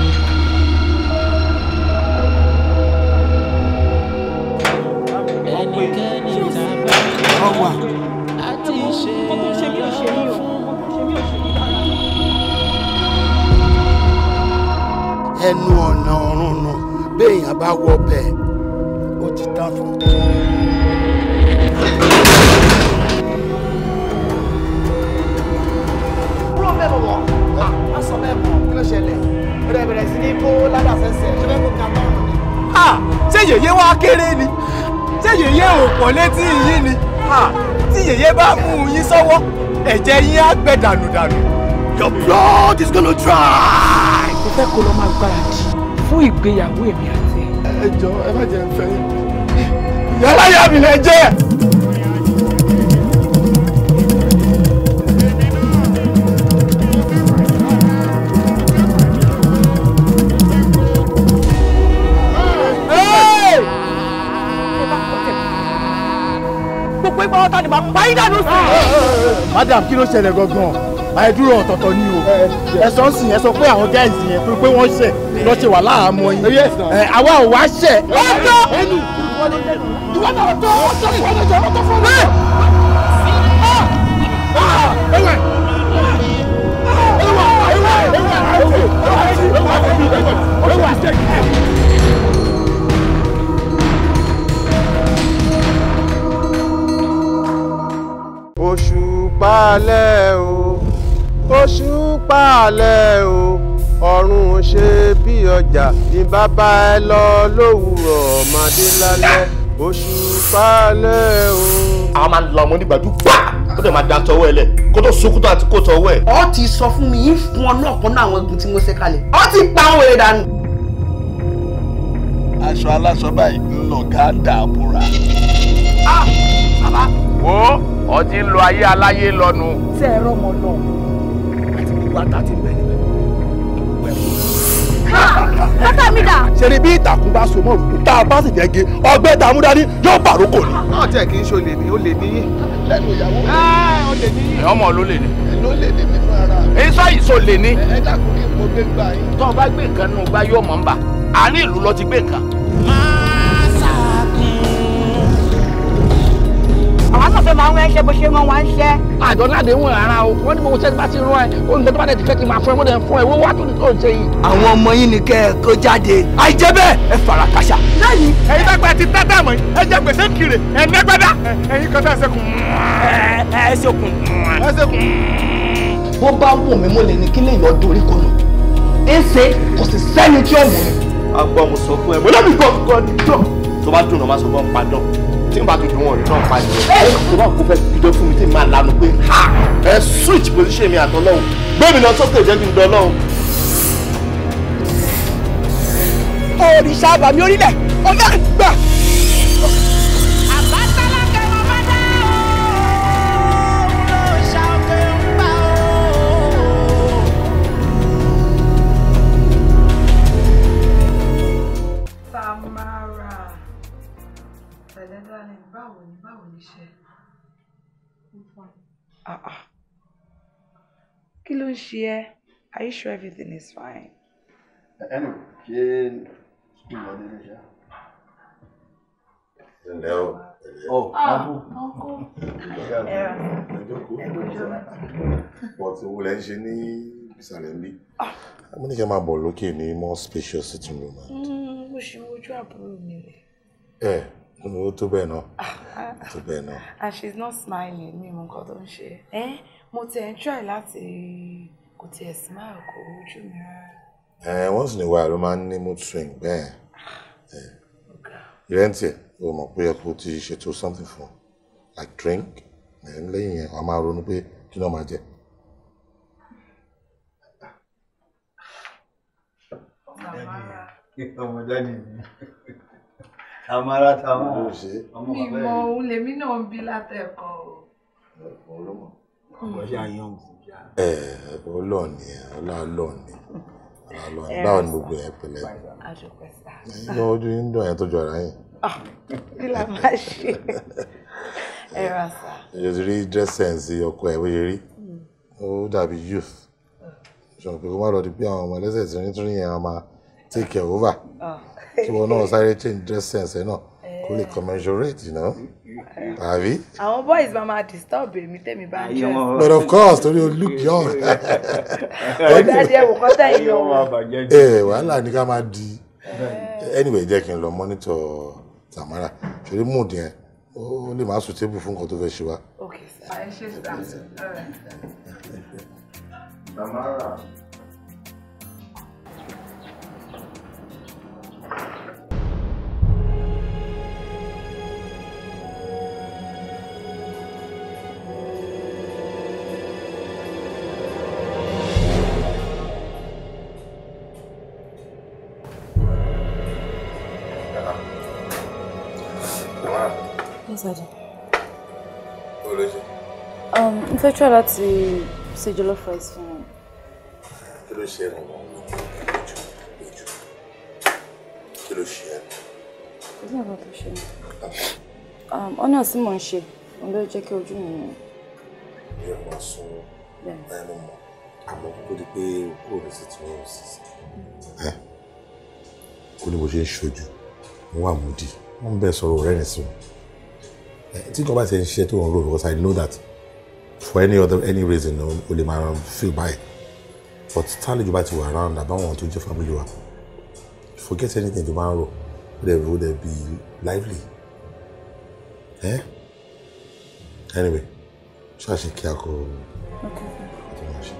ẹnu ọ̀nà ọ̀run nù béèyàn bá wọ bẹ́ẹ̀ ó ti tán fún un. Ah, ah, ṣé yèyé wá kéré ni ṣé yèyé ò pọ̀ létí yín ni ah, tí yèyé bá mú yín sọ́wọ́ ẹ̀jẹ̀ yín á gbẹ dànù dànù. Your blood is gonna dry fẹ́ kó lọ máa gbáradì fún ìgbéyàwó èmi àti ẹ. ẹ jọ ẹ má jẹ fẹ yàrá yà mí lẹ jẹ. gbogbo ìgbà ọ̀tá ni màá pa yín dànù sí. madam kí ló ṣẹlẹ̀ gangan àìdúró ọ̀tọ̀ọ̀tọ̀ ni o ẹ̀sọ́ sì yẹn pé àwọn gáàsì yẹn pé wọ́n ṣẹ̀ lọ́ ṣe wà láàmú yín àwa ò wá ṣẹ̀. ọ̀tọ̀ ìwọ náà tó ọ̀tọ̀ ìwọ náà jẹ́ ọ̀tọ̀ fún mi. Òṣùpá alẹ́ o oṣù pààlẹ̀ o ọ̀run ṣe bí ọjà ní bàbá ẹ lọ lówùrọ̀ ọ̀màdé lálẹ́ oṣù pààlẹ̀ o. àwọn máa ń lọ ọmọ nígbàdú gbà ó dẹ̀ máa da tọwọ́ ẹ lẹ̀ kó tó sokoto àti kó tọwọ́ ẹ. ọ ti sọ fún mi yín fún ọ náà kan náà àwọn egun tí mo ṣe kalẹ̀ ọ ti pa àwọn èrè dànù. aṣọ aláṣọ báyìí ńlọgá dàbúrà. a ah, bàbá. wo ọtí ń lo ayé aláyé lọnu. tẹ ẹ̀rọ mọ̀ náà olúwa ta ti mẹ́rin bàtà mi dà. ṣe ni bí ìtàkùn bá so mọ́ òrùn tá a bá sì fẹ́ gé ọgbẹ́ tá a mú dání yóò bàrókò ni. náà tiẹ̀ kì í ṣe olè ní olè ní yín. lẹ́nu ìyàwó rẹ̀ olè ní yín. ọmọ ló lè ní. ló lè ní mi fún ara. iṣẹ́ ìṣó lè ní. ẹ dákun kí n mo gbé gbà yín. tó o bá gbé nǹkan nù gbá yóò mọ̀ ń bà àárín ìlú lọ ti gbé nǹkan. máa wọ́n fẹ́ máa ń ránṣẹ́ bó ṣe rán wa ń ṣẹ́. àjọ láde ń rárá o wọ́n ní gbogbo sẹ́ni bá ti rán ẹ ó ní gbọ́dọ̀ bá ti fẹ́ kí n máa fún ẹ wọ́n dẹ̀ fún ẹ wọ́n wá tó ní tó ń ṣe yìí. àwọn ọmọ yín ni kẹ́ ẹ kó jáde àìjẹ́ bẹ́ẹ̀ ẹ fara kàṣà. lẹ́yìn ẹ̀yin bá gba ti tátà mọ́ ẹ jẹ gbèsè kiri ẹ̀ nẹ́gbẹ́dá ẹ̀yin kan tẹ́ ẹ ẹ ṣekùn. bó bá wù mí mo lè ní kílẹ̀ tí n bá tuntun wọn ní náà pàdé ẹ tó bá kó fẹ́ gbídọ fún mi tí n lanu pé ha ẹ switch position mi àtọlọ́hùn gbé mi lọ sókè jẹ́ kí n òrìṣà àbàmì orílẹ̀ ọ̀gá gbà. kí ló ń ṣe ẹ are you sure everything is fine. ẹnu ṣé sukùl lọ délé ṣá. ǹlẹ́ o. ọ ọkọ ọkọ ẹjọkọ bọ́tù owó lẹ́ ń ṣe ní ìsàlẹ̀ níbí. mo ní kí ẹ máa bọ̀ lókè ní more spacious sitting room. Mm, mo ṣe ojú àbúrò mi rẹ̀. ẹ ó tó bẹ́ẹ̀ náà. Ah, ah. ó tó bẹ́ẹ̀ náà. and she is not smiling mi mú nǹkan tó ń ṣe mo ti ń try láti kò tiẹ̀ smile kò ojú mi rárá. ẹ once in a while ló máa ń ní mood swing bẹ́ẹ̀ ah, ìrẹ́ntì ẹ̀ o mọ̀ pé ẹ kò ti ṣètò something for like drink ẹ̀ ń lẹ́yìn yẹn a máa ronú pé kí ló máa jẹ. tamara tamara mi mọ ohun lèmi náà ń bí látẹ̀kọ̀ọ́. Hmm. ẹ ọlọ́ọ̀ni ọlọ́ọ̀ni ọlọ́ọ̀ni báwo ni gbogbo ẹ pẹ̀lẹ́ ẹ̀yin ojú yín dùn ẹ̀ tó jọ ara yín. Ah, kí la máa ṣe dress sense ọkọ ẹ wọ́n rí hmm. ó dàbí youth ṣùgbọ́n pé kó má lọ di pé àwọn ọmọ ẹlẹ́sẹ̀ tí wọ́n tún yẹn wọ́n over tí ah. wọ́n náà sáré change dress sense náà kó lè you know àbí. àwọn boys máa máa disturb èmi tẹ́mi bá ń jẹ́. but of course torí o look young. ọ̀dà díẹ̀ wò kọ́tà yìí o. ẹ wàhálà ni ká máa di anyway jẹ́ kí n lọ monitor Tamara torí mood yẹn ó lè máa sùn tébù fún nǹkan tó fẹ́ ṣe wá. ok sir ẹ ṣe sir. Tamara. fẹ́ tọ́ láti ṣe jollof rice fún wọn. kí ló ṣe ẹnu wọn lójú lójú kí ló ṣe ẹnu. ilé ọ̀rọ̀ tó ṣe mí. ọ̀nà tí mò ń ṣe òun ló jẹ́ kí ojú mi rìn. ìyá ọmọ sún ẹnu mọ àmọ́ kókó di pé kúrò ní sí tí wọn ò sì sí. kó ní bó ṣe ń ṣojú wọn wà múdi wọn bẹ sọ̀rọ̀ rẹ nìsín tí nǹkan bá ti ṣe tó ń rò because I know that for any other any reason o lè máa feel báyìí but stanley jù bá ti wà around àbáwọn to jẹ́ family wa forget anything tó máa ń rò ó dẹ̀ ó be lively eh? anyway ṣáàṣì kí a kò ọtí máa ṣe.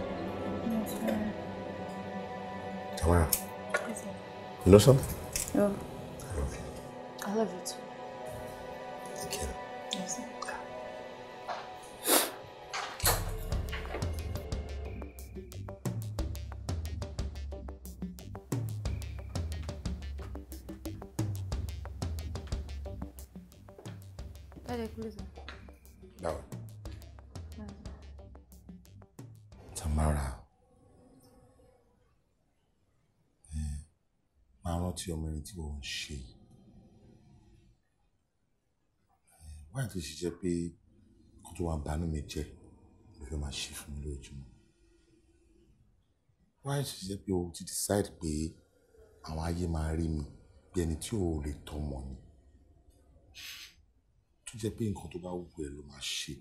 Tamara, you know something? No. I love I love you too. àti ọmọ ẹni tí wọ́n ń ṣe wáyà tó ṣe jẹ́ pé kó tó wá banú mi jẹ́ ló fẹ́ máa ṣe fún mi lójúmọ́ wáyà tó ṣe jẹ́ pé o ti decide pé àwọn ayé máa rí mi bí ẹni tí o lè tọmọ ni tó jẹ́ pé nǹkan tó bá wù ẹ́ ló máa ṣe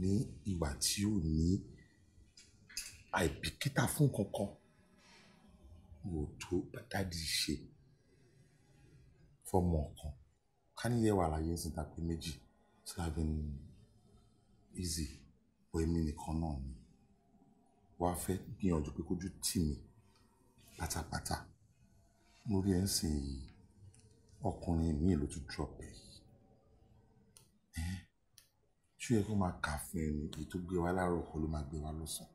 ní ìgbà tí ò ní àìbìkítà fún kankan mo tó dádì ṣe fọmọ kan ká ní ìyẹn wà láyé ń sìn tàpé méjì tí a been easy bọ èmi nìkan náà ni wà á fẹ́ gbìyànjú pé kójú tì mí pátápátá mo rí ẹ ń sìn yìí ọkùnrin míì ló tún drop ẹ yìí ṣó yẹ kó máa kà fún ẹ ní èyí tó gbé wa láàárọ̀ kó ló máa gbé wa lọ́sàn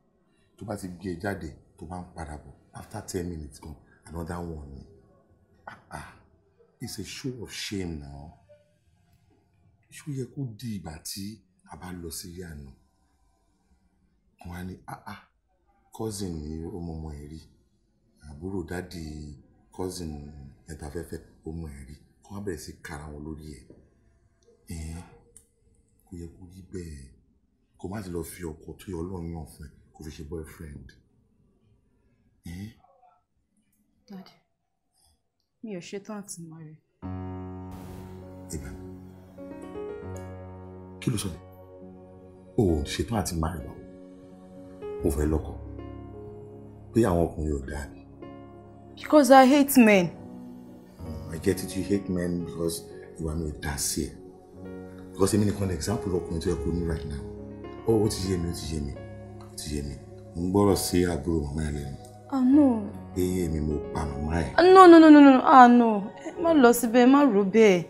tó bá ti gbé e jáde tó bá ń padà bọ̀ after ten minutes gone, another one ah ah it's a show of shame now ṣó yẹ kó di ìgbà tí a bá lọ sí àná wọn á ní ah ah cousin ni ọmọ ọmọ ẹ rí àbúrò dáàdi cousin ẹtafẹfẹ ọmọ ẹ rí kó wá bẹ̀rẹ̀ sí kara wọn lórí ẹ ẹ̀ẹ́n kò yẹ kó rí bẹ́ẹ̀ kó má ti lọ fi ọkọ tó yọ ọlọ́run yàn fún ẹ kó fi ṣe boyfriend. Dádì, me ò ṣetán to marry. rẹ̀. Kill kí ló sọ ni? O ò ṣetán àti máa rẹ̀ báwo? Mo fẹ́ lọ́kọ. Because I hate men. I get it you hate men because you are ò dá sí ẹ. Because èmi nìkan ni example ọkùnrin tó yẹ kó right now. Oh, what is mi, What is yé What is ti yé mi. Mo ń gbọ́rọ̀ sí àbúrò màmá ah no. pé èmi mo pa màmá ẹ. Ah, no no no no no ah no ẹ eh, má lọ síbẹ̀ má rò bẹ́ẹ̀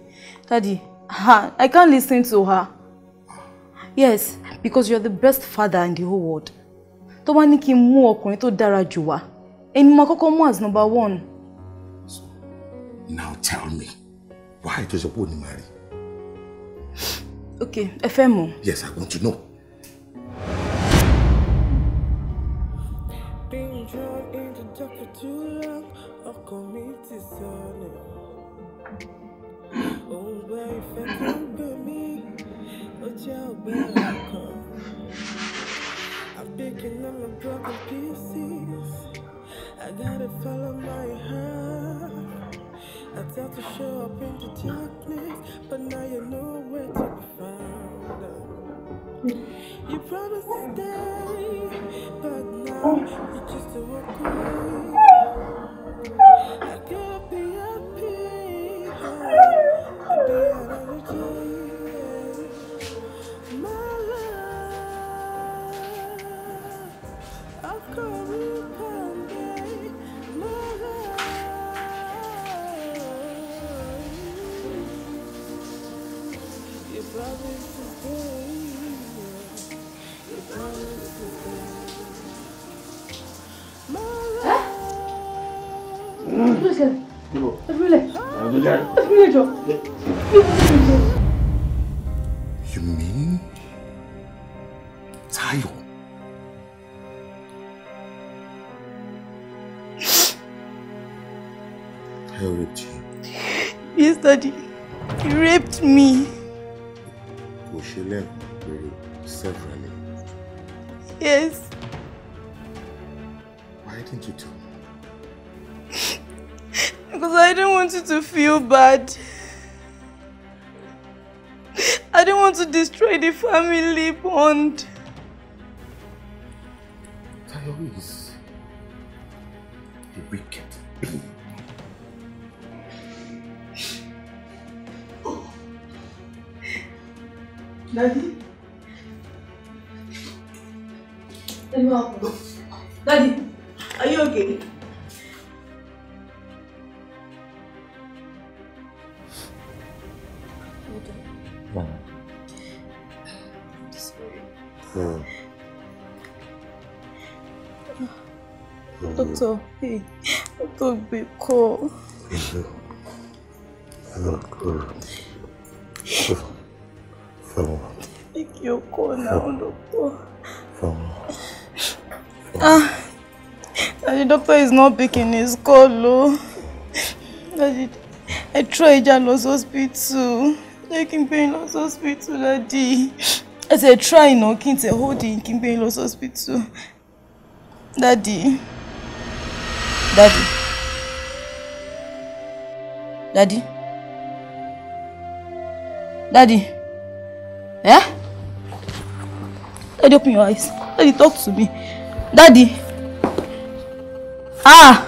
daddy ah i can't listen to her yes because you are the best father in the whole world tó bá ní kí n mú ọkùnrin tó dára jù wá ẹni máa kọ́kọ́ mú as number one. So, now tell me why tó you pé ò ní okay ẹ fẹ́ mọ̀. yes i want to know. I'm picking up my broken pieces. I gotta follow my heart. I tried to show up in the darkness, but now you know where to be found. You promised to stay, but now you just walk away. I could be happy, I'd be out of You mean Tayo? Tayo raped you. Yes, Daddy. He raped me. Koshile really severally. Yes. Why didn't you tell me? Because I don't want you to feel bad. I don't want to destroy the family bond. Tayomi is a wicked being. Daddy? Daddy, are you okay? would be cool. Make you now, Ah, the doctor is not picking his call, oh. I tried Jalos Hospital. Like in pain loss hospital, Daddy. I said, try no, can't hold in Pain Loss Hospital. Daddy. Daddy. Daddy. Daddy. yeah, Daddy, open your eyes. Daddy, talk to me. Daddy. Ah!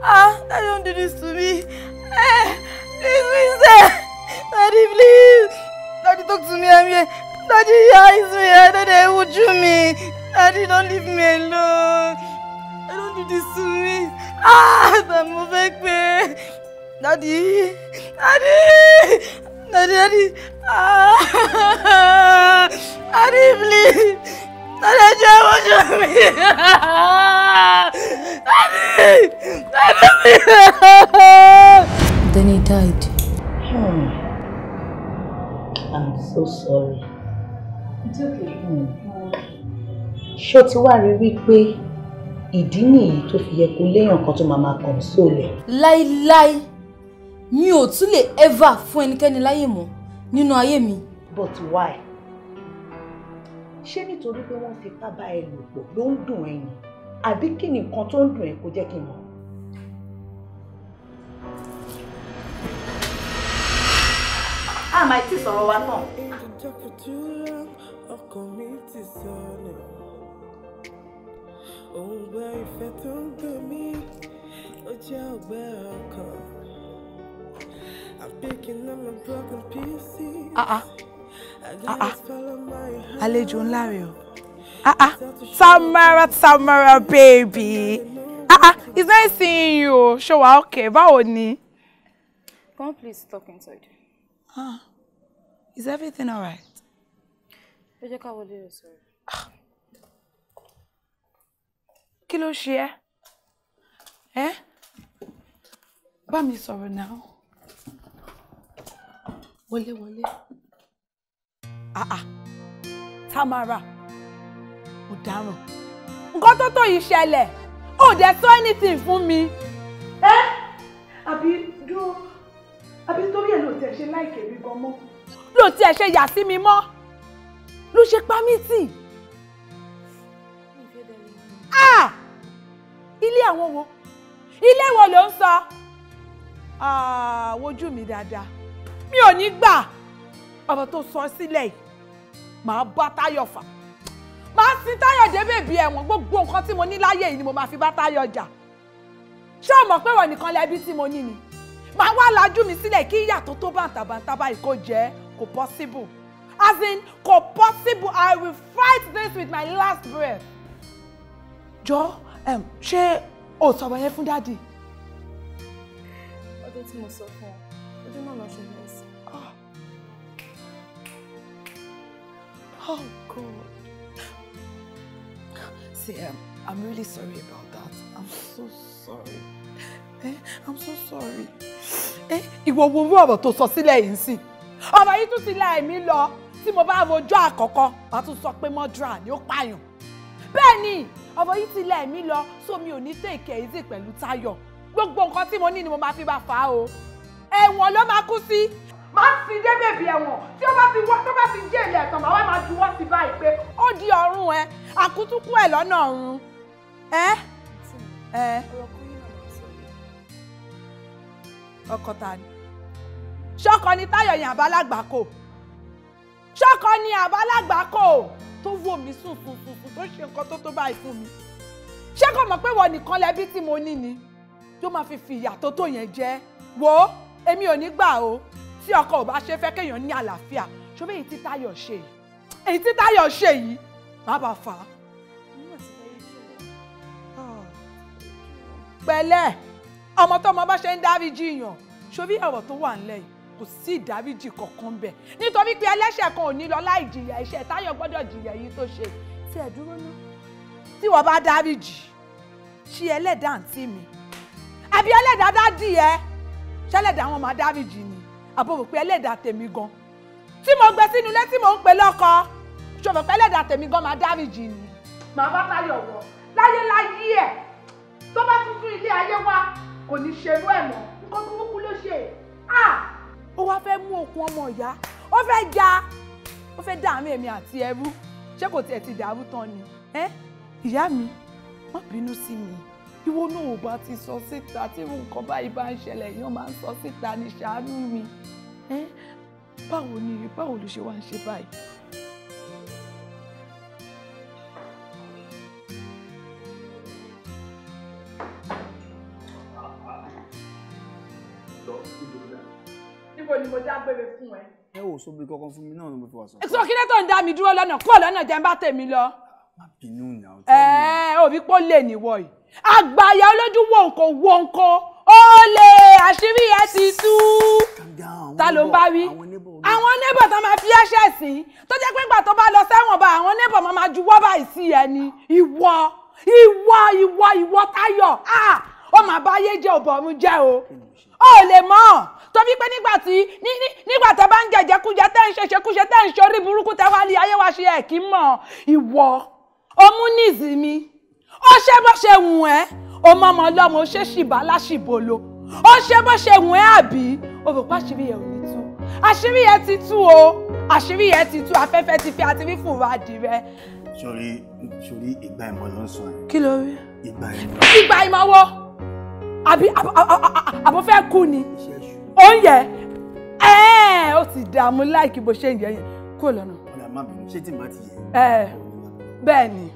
Ah, Daddy, don't do this to me. Eh, please, please, eh. Daddy, please. Daddy, talk to me. I'm here. Daddy, eyes me. Daddy, would you me? Daddy, don't leave me alone. I don't do this to me. Ah, back me. Daddy! Daddy! Daddy, Daddy! Ah! Daddy, please! Daddy, just watch me! Daddy! Daddy, please! Then he died. Hmm. I'm so sorry. It's okay. Hmm. Ṣó ti wá rí wípé ìdí nìyí tó fi yẹ kó léèyàn kan tó máa máa kàn sóòlẹ̀ mi ò tún lè ever fún ẹnikẹ́ni láyè mọ́ nínú ayé mi. but why? ṣé nítorí pé wọ́n fipá bá ẹ lò pọ̀ ló ń dùn ẹ̀yìn àbí kí ni nǹkan tó ń dùn ẹ́ kó jẹ́ kí n mọ̀? a máa ti sọ̀rọ̀ wa náà. ọkàn mi ìfẹ́ tó ń gbà mí ó jẹ́ ọgbẹ́ ọkàn àà àà ah, ah. ah, àlejò ńlá rẹ o àà Samara, Tamara baby àà it's nice seeing you o ṣé wàá okay báwo ni. come please talk inside. ah is everything alright. ẹ jẹ́ ká wọlé rẹ̀ sọ̀rọ̀. kí ló ṣe ẹ́ ẹ́ bá mi sọ̀rọ̀ náà wọlé wọlé. Ah ah. Tamara ọ̀daràn nǹkan tó tó yìí ṣẹlẹ̀ ò dẹ̀ sọ anything fún mi. ẹ àbí dúró àbí torí ẹ ló tiẹ̀ ṣe láìkè mi gan mọ́. ló tiẹ̀ ṣe yà sí mi mọ́ ló ṣe pa mí tì. Ah! ilé àwọn wo ilé wo ló ń sọ ah, wojú mi dáadáa mi ò ní gbà ọ̀rọ̀ tó sọ sílẹ̀ yìí màá bá Táyọ̀ fà màá sin Táyọ̀ dé bèbí ẹ̀wọ̀n gbogbo nǹkan tí mo ní láyé yìí ni mo máa fi bá Táyọ̀ jà ṣé o mọ̀ pé wọ́n nìkan lẹ́bí tí mo ní ni màá wá lajú mi sílẹ̀ kí ìyàtọ̀ tó bàǹtàbàǹtà báyìí kò jẹ́ kò possible as in kò possible I will fight this with my last breath. jọ ṣé o sọ̀rọ̀ yẹn fún dáàdi. ọdún tí mo sọ fún ọ ọdún náà lọ ṣùgbọ́n. Oh God. See, um, I'm really sorry about that. I'm so sorry. Eh, I'm so sorry. Eh, ìwọ wo wo ọ̀rọ̀ to sọ sílẹ̀ yìí sí. Ọ̀rọ̀ yìí tún ti la èmi lọ tí mo bá wojú àkọ́kọ́ màá tún sọ pé mọ́dúrà ni ó pààyàn. Bẹ́ẹ̀ ni ọ̀rọ̀ yìí ti la èmi lọ so mi ò ní tèkè ìzì pẹ̀lú Táyọ̀. Gbogbo nǹkan tí mo ní ni mo máa fi ba fà á o. Ẹ̀wọ̀n ló máa kú sí máa sì bèbí ẹ̀wọ̀n tí ó bá ti wá tó bá ti jẹ́ ilé ẹ̀tàn màá wá máa juwọ́ sí báyìí pé ó di ọ̀run ẹ àkútúkú ẹ lọ́nà ọ̀run ẹ. ọkọ ta ni ṣọkọ ni táyọ̀ yẹn àbálàgbà kò ṣọkọ ni àbálàgbà kò tó wò mí sùn sùn sùn tó ṣe nǹkan tó tó báyìí fún mi ṣé mọ̀ pé wọ́n nìkan lẹ́bí tí mo ní ni tó máa fi fìyà tó tó yẹn jẹ wò èmi ò ní gbà o tí ọkọ ò bá ṣe fẹ́ kéèyàn ní àlàáfíà ṣọbẹ́ èyí tí Táyọ̀ ṣe yìí èyí tí Táyọ̀ ṣe yìí bàbá fà á. Ah. pẹ̀lẹ́ ọmọ tó ọmọ bá ṣe ń dáríjì yàn ṣòbí ọ̀rọ̀ tó wà ńlẹ̀ yìí kò sí ìdáríjì kankan bẹ̀ nítorí pé ẹlẹ́ṣẹ̀ kan ò ní lọ láì jìyà iṣẹ́ Táyọ̀ gbọ́dọ̀ jìyà èyí tó ṣe tí ẹ dúró ná tí wọ́n bá dáríjì ṣí ẹlẹ́dàá àǹtí mi àbí ẹlẹ́dàá dá dì ẹ́ ṣẹlẹ́dàá wọn máa dáríjì ni àbò wò pé ẹlẹ́dàá tèmi gan tí mo gbé sínú ilé tí mò ń pè lọ́kọ ṣòfò pé ẹlẹ́dàá tèmi gan máa dáríjì ni. màá bá táyọ̀ wọ̀ láyé láyé ẹ̀ tó bá tuntun ilé ayé wa kò ní ṣerú ẹ̀ mọ́ nǹkan burúkú ló ṣe ó wá fẹ́ mú okun ọmọ ìyá ó fẹ́ ja ó fẹ́ dààmú èmi àti ẹrú ṣé kò tiẹ̀ ti dàrú tán ni ìyá mi má bínú sí mi ìwọ náà ò bá ti sọ síta tí irú nǹkan báyìí bá ń ṣẹlẹ̀ èèyàn máa ń sọ síta ní ṣàánú mi báwo ni báwo ló ṣe wá ń ṣe báyìí. níbo ni mo já gbére fún ẹ. ẹ ò sóbi kankan fún mi náà ni mo fi wà sọ. sọ kí lẹ́tọ̀ ń dá mi dúró lọ́nà kúrò lọ́nà jẹ́ ń bá tèmi lọ má bínú nà ó. ẹ òbí pọ́ lè níwọ̀ yìí àgbàyà olójú wo nǹkan wo nǹkan ó lè àṣírí ẹ ti tu. ta ló ń bá wí àwọn neighbor tó máa fi ẹsẹ̀ sí tó jẹ́ pé ìgbà tó bá lọ sẹ́wọ̀n bá àwọn neighbor máa máa juwọ́ báyìí sí ẹni ìwọ ìwọ ìwọ ìwọ Táyọ̀ ah ó máa bá ayé jẹ́ òbọ̀mú jẹ́ o ó lè mọ̀ tó fi pé nígbà tí nígbà tẹ́ bá ń jẹjẹkújẹ tẹ́ ń ṣe ṣekúṣe tẹ́ ń ṣe orí burúkú tẹ́ wá lé ayé wa ṣe ẹ̀ kí mọ̀ ìwọ ó mú níìsì mi ó ṣe bó ṣe wù ẹ́ ó mọ ọmọ ọlọ́mọ ó ṣe ṣìbá láṣìbolo ó ṣe bó ṣe wù ẹ́ àbí o rò pé àṣírí yẹn ò ní tú àṣírí yẹn ti tú o àṣírí yẹn ti tú afẹ́fẹ́ ti fi àti fífún wa dì rẹ. sori sori ìgbà ìmọ̀ ló ń sọ yẹn. kí ló rí. ìgbà ìmọ̀. ìgbà ìmọ̀ wo àbí àbò fẹ́ kú ni oúnjẹ ẹ ó ti dààmú láìkí bó ṣe ń yẹ yẹn kó lọ́nà. ọ̀la má bínú ṣé tí n ti yẹ bẹ́ẹ̀ ni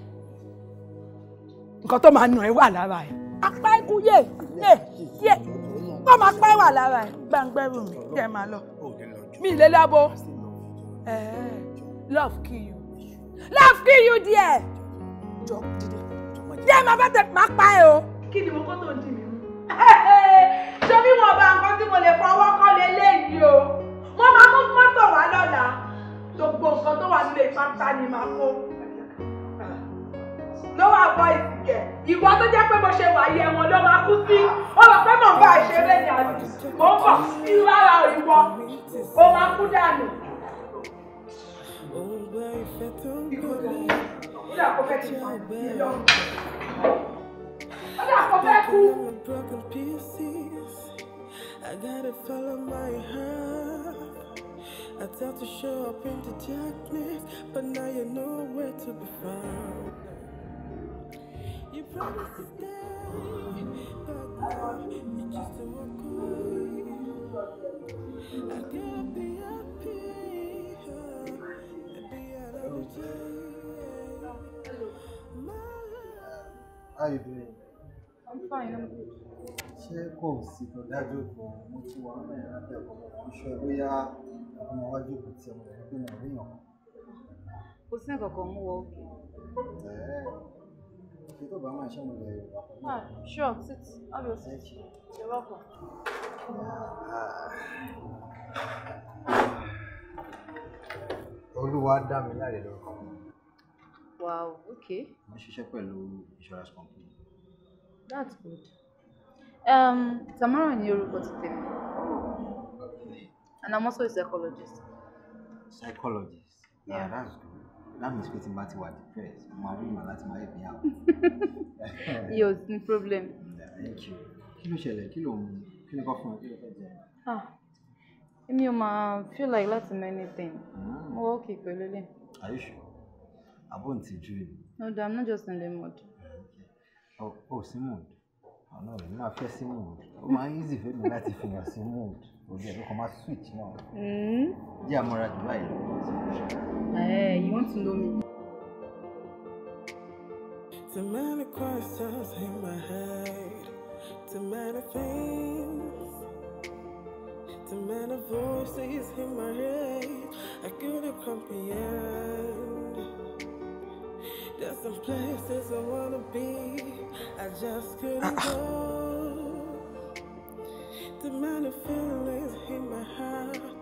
nǹkan tó máa nà ẹ́ wà lára ẹ̀ apá ikú yé yé yé wọ́n máa pẹ́ wà lára ẹ̀ gbàngbẹ́rù mi kẹ́ máa lọ mi ìlé lábọ́ love kill you love kill you díẹ̀ jọ dídẹ díẹ̀ máa bá tẹ máa pa ẹ o. kí ni mo kọ́ tó ń dì mí mú. ṣé bí wọn bá nǹkan tí mo lè fọwọ́ kọ́ lé léyìí o wọ́n máa mú mọ́tò wá lọ́la gbogbo nǹkan tó wà nílé pátá ni màá kó ló wà bọ́ ìsìnkẹ̀ ìwọ tó jẹ́ pé mo ṣe wà yẹ wọn ló máa kú sí ó lọ pé mò bá ìṣeré ní àná mò ń bọ̀ sí lára ìwọ ó máa kú dànù. ó dà I gotta follow my heart. I tried to show up in the darkness, but now you know where to be found. I can't be happy, How you doing? I'm fine, I'm good. Ṣé kò sí tó dájú kò mú tí wọ́n rìn láti ẹ̀kọ́ iṣẹ́ bóyá ọmọ wájú kò tiẹ̀ mọ̀ pé mo rí yàn. Kò sí ẹ̀kọ́ kan mú wọ òkè okay, tó bá máa ṣe mo lè wà ah sure sit have your seat you're welcome. Ah. olúwa dá mi láre lọ́kàn. wow okay. mo ṣiṣẹ́ pẹ̀lú insurance company. that's good. Um, Tamara ni orúkọ ti tèmi. and I'm also a psychologist. psychologist? yeah that's good láàmì sí pé tí n bá ti wà depressed mo máa rí ìmọ̀ láti máa ẹ̀mí àwọn. yóò ní problem. kí ló ṣẹlẹ̀ kí ló ń kí ló kọ́ fún ọ kí ló fẹ́ jẹ. Ah, èmi ò máa feel like láti mọ anything hmm. mo wọ́n kì í pẹ̀lú lẹ́yìn. are you sure àbọ̀ ntì ju. no dam no just in the mood. ọ̀ ọ̀ sí mò náà ló máa fẹ́ sí mood ó máa ń easy fẹ́ mi láti fi hàn sí mood òbí ẹ̀ ló kàn máa switch náà hmm. jẹ́ àmọ́ra jù báyìí lọ. Eh, you want to know me. Too many questions in my head, too many things, too many voices in my head, I couldn't comprehend. Just some places I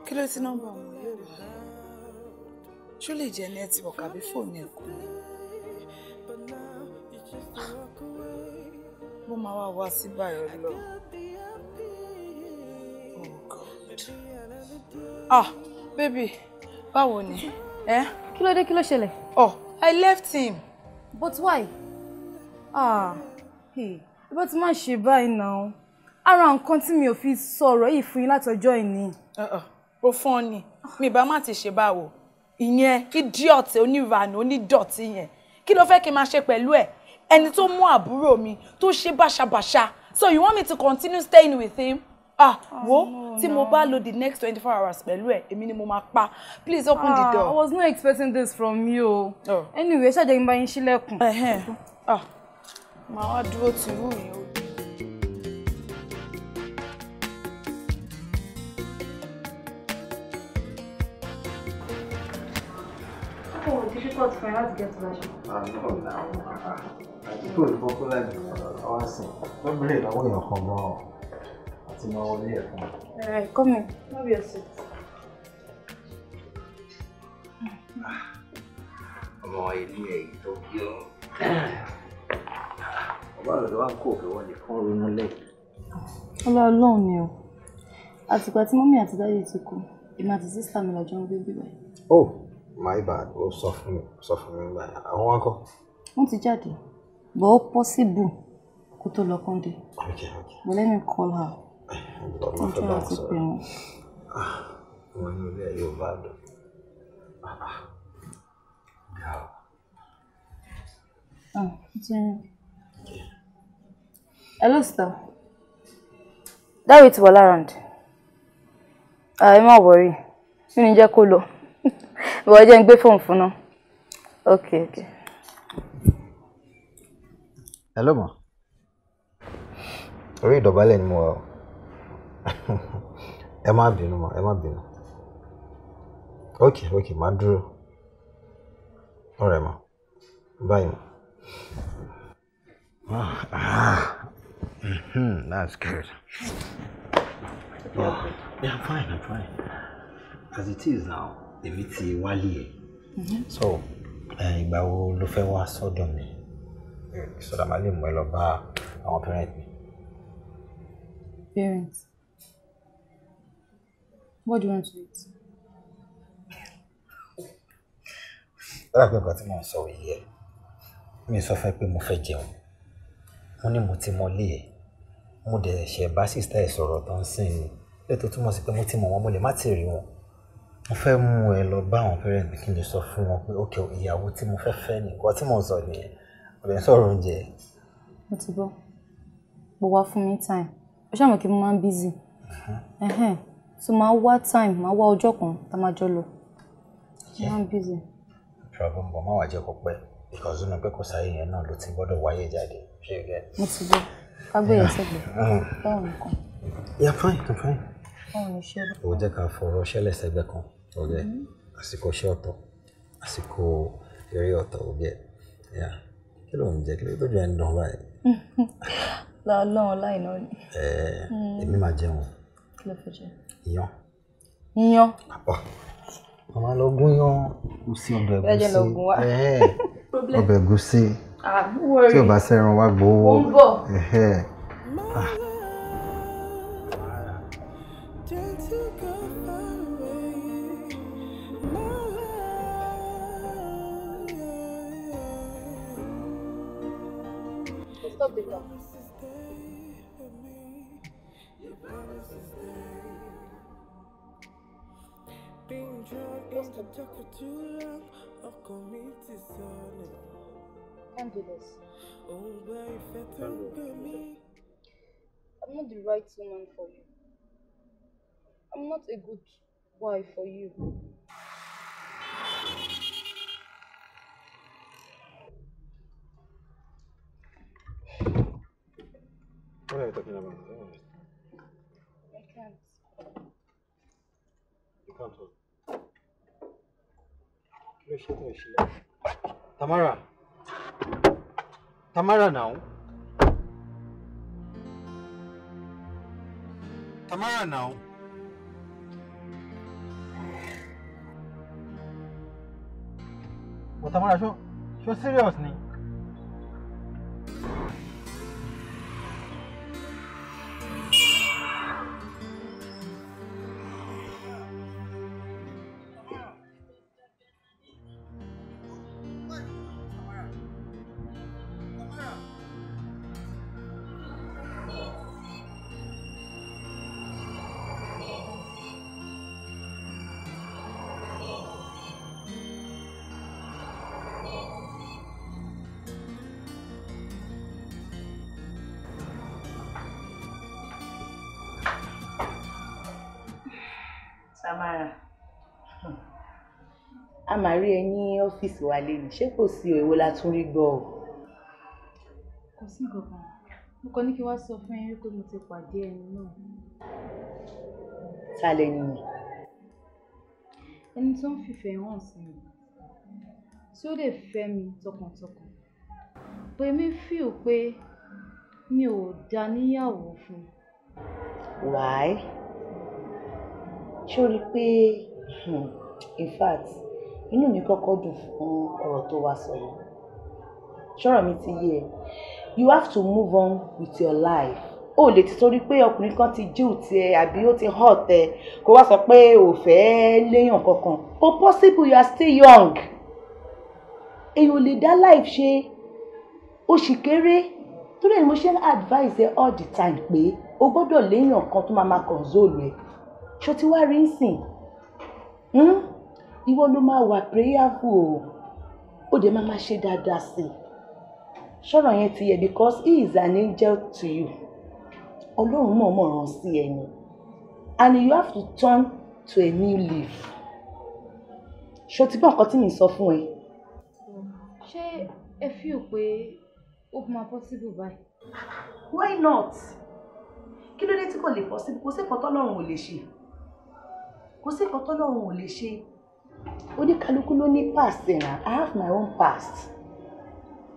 kí ló ti nọ́mbà wọn yóò rí ṣó lè jẹ́ nẹ́tíwọ̀kì àbí fóònù ẹ̀kọ́ ni mo máa wá wá sí báyọ̀ lọ. Oh God. ah baby báwo ni. Eh? kí ló dé kí oh I left him but why? ah ibo But máa ṣe báyìí náà ara continue your mi sorrow if sọ̀rọ̀ yìí fún join látọjọ́ Uh uh. fún funny. Me mi ìbá má ti ṣe báwo ìyẹn idiot oníranù onídọ̀tí yẹn kí ló fẹ́ kí n máa ṣe pẹ̀lú ẹ̀ ẹni tó mú àbúrò mi tó ṣe báṣabàṣa so you want me to continue staying with him? ah wo tí mo bá lo the next twenty four hours pẹ̀lú ẹ̀ èmi ni mo máa pa please open ah, the door. I was not expecting this from you. Oh. anyway ṣáà jẹ́ kí n bá yín ṣílẹ̀kùn. màá wá dúró tí irú yìí ó. difficult for you to get to that shop. Ah, no, no. I told you, popular, I was saying, don't believe that way you're to my own here. Alright, come in. Have your seat. ọmọ ilé èyí tó bí ọ ọba rẹ wá kó òkè wọlé fún ronú lẹ́yìn. ọlọ Ọlọ́run ni o àtìgbà tí mọ́mí àti dáyé ti kú èmi àti sísá mi lọ́jọ́ ń gbé bíbá oh my bad ó sọ fún mi sọ fún mi nígbà yẹn àwọn akọ. wọ́n ti jáde but ó possible kó tó lọ kán dé. okay okay. call her tọ́mọ fẹ́ bá sọ̀rọ̀ ah, wọn ní ilé yóò bá dùn yà ah, ó. Ah. Hello, sir. Dáwì ti wà láràǹdì. Ẹ má wọrí, mi ní jẹ́ kó lọ. Ìwọ jẹ́ ń gbé fóònù fún náà. Ok, Hello, ma. Orí ìdọ̀bálẹ̀ ni mo wà ẹ má bínú mọ́ ẹ má bínú ok ok má dúró ọ̀rẹ́ mọ́ báyìí mọ́. Ah. ah. Mm-hmm, that's good. Yeah. yeah, I'm fine, I'm fine. As it is now, èmi ti wálé ẹ̀. Mm-hmm. So, eh, ìgbà wo ló fẹ́ wá sọ́dọ̀ mi? Eh, sọ́dọ̀ máa lè mú ẹ lọ bá àwọn parents mi. Parents. What do you want to eat? Lára pé nǹkan tí mò ń sọ yìí ẹ̀, mi sọ fún ẹ pé mo fẹ́ jẹun. Mo ní mo ti mọlé ẹ̀. Mo dẹ̀ ṣẹ̀ bá sísá ẹ̀ sọ̀rọ̀ tó ń sìn ni. Lẹ́tọ̀ túmọ̀ sí pé mo ti mọ̀ wọ́n, mo lè má ti rí wọn. Mo fẹ́ mú ẹ lọ bá àwọn parent mi kí n lè sọ fún wọn pé ókè mo fẹ́ fẹ́ ni nǹkan tí mò ń sọ nìyẹn. Mo lè sọ̀rọ̀ oúnjẹ. Mo ti gbọ́. Mo wá fún mi time. Ó ṣàmọ̀ kí mo máa Uh huh so máa wá time máa wá ọjọ́ kan tá a jolo? jọ lọ. máa ń busy. travel bọ̀ má wàá jẹ́ kó pẹ́ because ó ní pé kò sáyé yẹn náà ló ti gbọ́dọ̀ wáyé jáde ṣé o gẹ́. mo ti gbọ́ kágbéyè sẹ́gbẹ̀ẹ́ mm. báwo nìkan. yeah fine i'm fine. báwo ni ṣé. ó jẹ́ ká fọ̀rọ̀ ṣẹlẹ̀ sẹ́gbẹ̀ kan ọ̀gẹ́ mm-hmm. àsìkò iṣẹ́ ọ̀tọ̀ àsìkò eré ọ̀tọ̀ ọ̀gẹ́ kí ló ń jẹ kí ló tó jẹ ń dán báyìí. lọ́ọ́ lọ́hùn kí ló fẹ́ jẹ. iyán. iyán. màmá lọ gún yán gúsí ọbẹ̀ gúsí. ẹ jẹ́ lọ gún wa. ọbẹ̀ gúsí. Ah, tí ò bá sẹ́ran wá gbowó. ó ń bọ̀. Ah. Stop it. Can't I'm not the right woman for you. I'm not a good wife for you. to shi tamara tamara now tamara now Well, Tamara, show, show serious, Nick. máa rí ẹ ní ọ́fíìsì wa lẹ́nu ṣé kò sí èwo la tún rí gbọ́ ọ. kò sí nǹkan kan mo kàn ní kí wá sọ fún yín pé mo ti pàdé ẹni náà. ta lẹni yẹn. ẹni tó ń fìfẹ́ hàn sí mi tí ó lè fẹ́ mi tọkàntọkàn pé mi fíò pé mi ò dá níyàwó fún un. wàá ṣó rí i pé hmm, in fact inú mi kọ́kọ́ dùn fún ọ̀rọ̀ tó wá sọ yìí ṣọ́rọ̀ mi ti yé ẹ you have to move on with your life o lè ti torí pé ọkùnrin kan ti jíù tiẹ àbí ó ti hàn tẹ kó wá sọ pé ò fẹ́ léèyàn kankan kò possible you are still young èyí ò lè dá life ṣe ó sì kéré tó lè mo ṣe ń ẹ all the time pé o gbọ́dọ̀ léèyàn kan tó máa máa console ẹ ṣó ti wá rí ń Hmm? ìwọ ló máa wà prayerful o ó dẹ̀ máa máa ṣe dáadáa sí i ṣọ́rọ̀ yẹn ti yẹ because he is an angel to you ọlọ́run mọ̀ mọ̀ ràn sí ẹni and you have to turn to a new leaf ṣó ti gbọ́ nǹkan tí mi sọ fún ẹ. ṣé ẹ fi hàn pé ó máa possible báyìí. why not kí ló dé tí kò lè possible kò sí nǹkan tọ́lọ́run ò lè ṣe kò sí nǹkan tọ́lọ́run ò lè ṣe oníkálukú ló ní past ẹ̀ náà I have my own past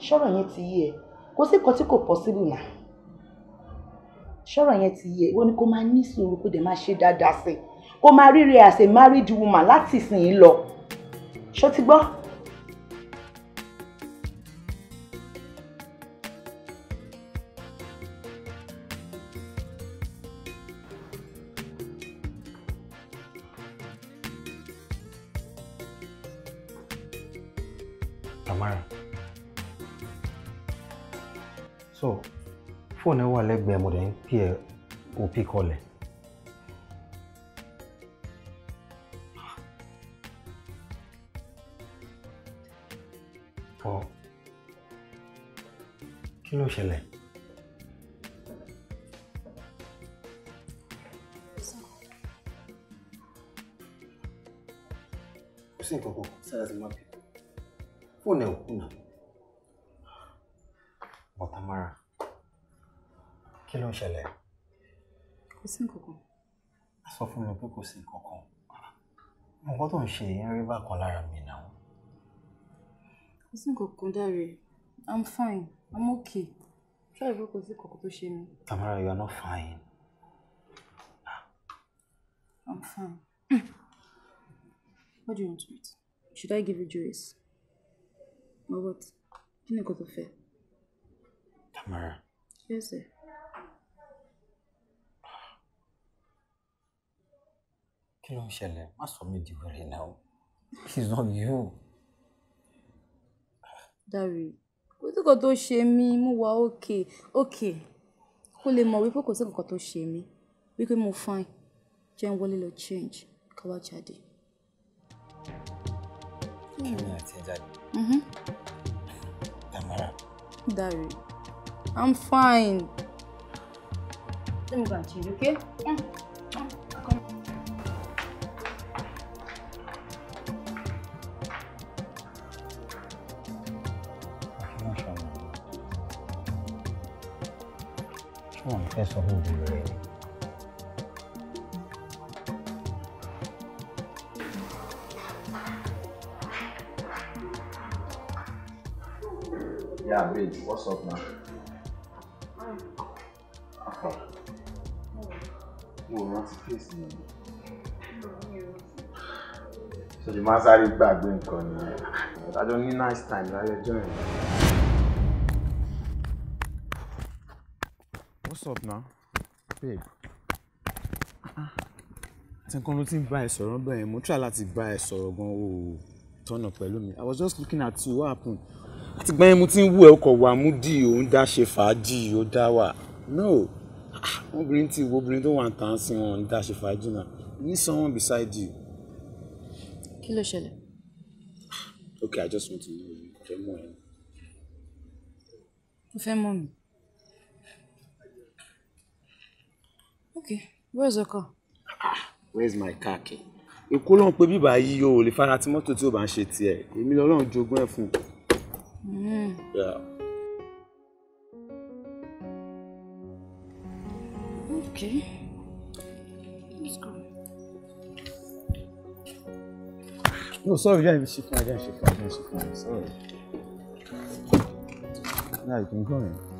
ṣọ́rọ̀ yẹn ti yé ẹ kò sí nǹkan tí kò possible náà ṣọ́rọ̀ yẹn ti yé ẹ wọ́n ní kó máa ní sùúrù kó dẹ̀ máa ṣe dáadáa sí i kó máa ríre as a married woman láti ìsìn yìí lọ ṣó gbọ́. fóònù ẹ wà lẹ́gbẹ̀ẹ́ mo dẹ̀ ń pè ẹ́ kò pí kọlẹ̀. ọ kí ló ṣẹlẹ̀? kò sí nǹkan kan sára ti fóònù ẹ ò ń ṣẹlẹ̀? Kò sí nǹkankan. A sọ fún mi pé kò sí nǹkankan. Nǹkan tó ń ṣe yìí ń rí bákan lára mi náà. Kò sí nǹkankan dáre. I'm fine. I'm okay. Ṣé ìwé kò sí nǹkankan tó ṣe mí? Tamara, you are not fine. I'm fine. What do you want to eat? Should I give you juice? Or what? Kí ni nǹkan tó fẹ́? Tamara. Yes, kí ló ń ṣẹlẹ̀ má sọ mí di wèrè náà he's not you. Dare kò sí nǹkan tó ṣe mí mo wà òkè òkè kó lè mọ̀ wípé kò sí nǹkan tó ṣe mí wípé mo fine jẹun wọlé lọ change ká wá jáde. kíni àti jáde. Mm-hmm. Tamara. Dare I'm fine. Let me go and change, okay? Mm. fẹ́ sanwó ojú rẹ̀ Yeah, babe, what's up now? So rántí fèsì mi. Ṣèjì máa sáré gbàgbé nǹkan ni. Adájọ́ nice time láyé ọjọ́ yẹn. what's up now babe àti nǹkan ló ti ń bá ẹ sọ̀rọ̀ bẹ́ẹ̀ yẹn mo try láti bá ẹ sọ̀rọ̀ gan o tọ̀nà pẹ̀lú mi i was just looking at you what happened àti gbẹ́yìn mo ti ń wú ẹ ọkọ̀ wà mú dì í òun dá ṣe fàájì ó dá wà no ah, obìnrin tí ìwọ obìnrin tó wà ń tàn sí wọn ń dá ṣe fàájì náà you need someone beside you. kí ló ṣẹlẹ̀. Ah, okay i just want to know you fẹ́ mọ̀ ẹ́. mo fẹ́ mọ̀ mi. Okay, where's your car? Ah, where's my car key? Èkó ló ń pe bíbá yìí o lè fara ti mọ́tò tí o bá ń ṣe tiẹ̀. Èmi lọ́lọ́run fun. ẹ̀ hmm. Yeah. Okay, let's go. No, sorry, yeah, she fine, yeah, she fine, yeah, she fine, sorry. Now you can go in.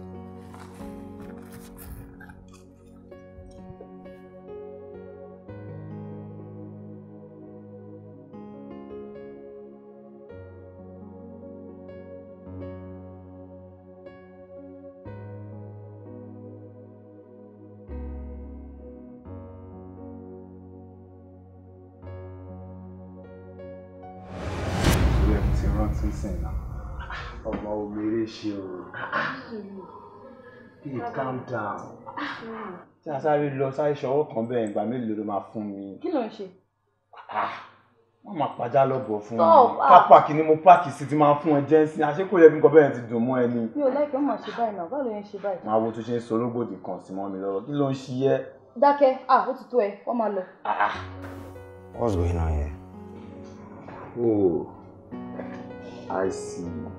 down ah. tí a sáré lọ sáré ṣọwọ́ kan bẹ́ẹ̀ ìgbà mélòó ló máa fún mi. kí ló ń ṣe. Ah, wọ́n máa pàjá lọ́bọ̀ fún mi ah. kápá kìíní mo páàkì sí ti máa fún ẹ jẹ́ àṣé kò yẹ kí nǹkan bẹ́ẹ̀ ti dùn mọ́ ẹ mi ò láìpẹ́ mọ̀ ṣe báyìí náà báwo ló ń ṣe báyìí. máa wo tó ṣe ń sọ olóbòdì kan sí mọ́ mi lọ́wọ́ kí ló ń ṣe yẹ. dákẹ́ ó ti tó ẹ wọ́n máa lọ. what's going on here? oh i see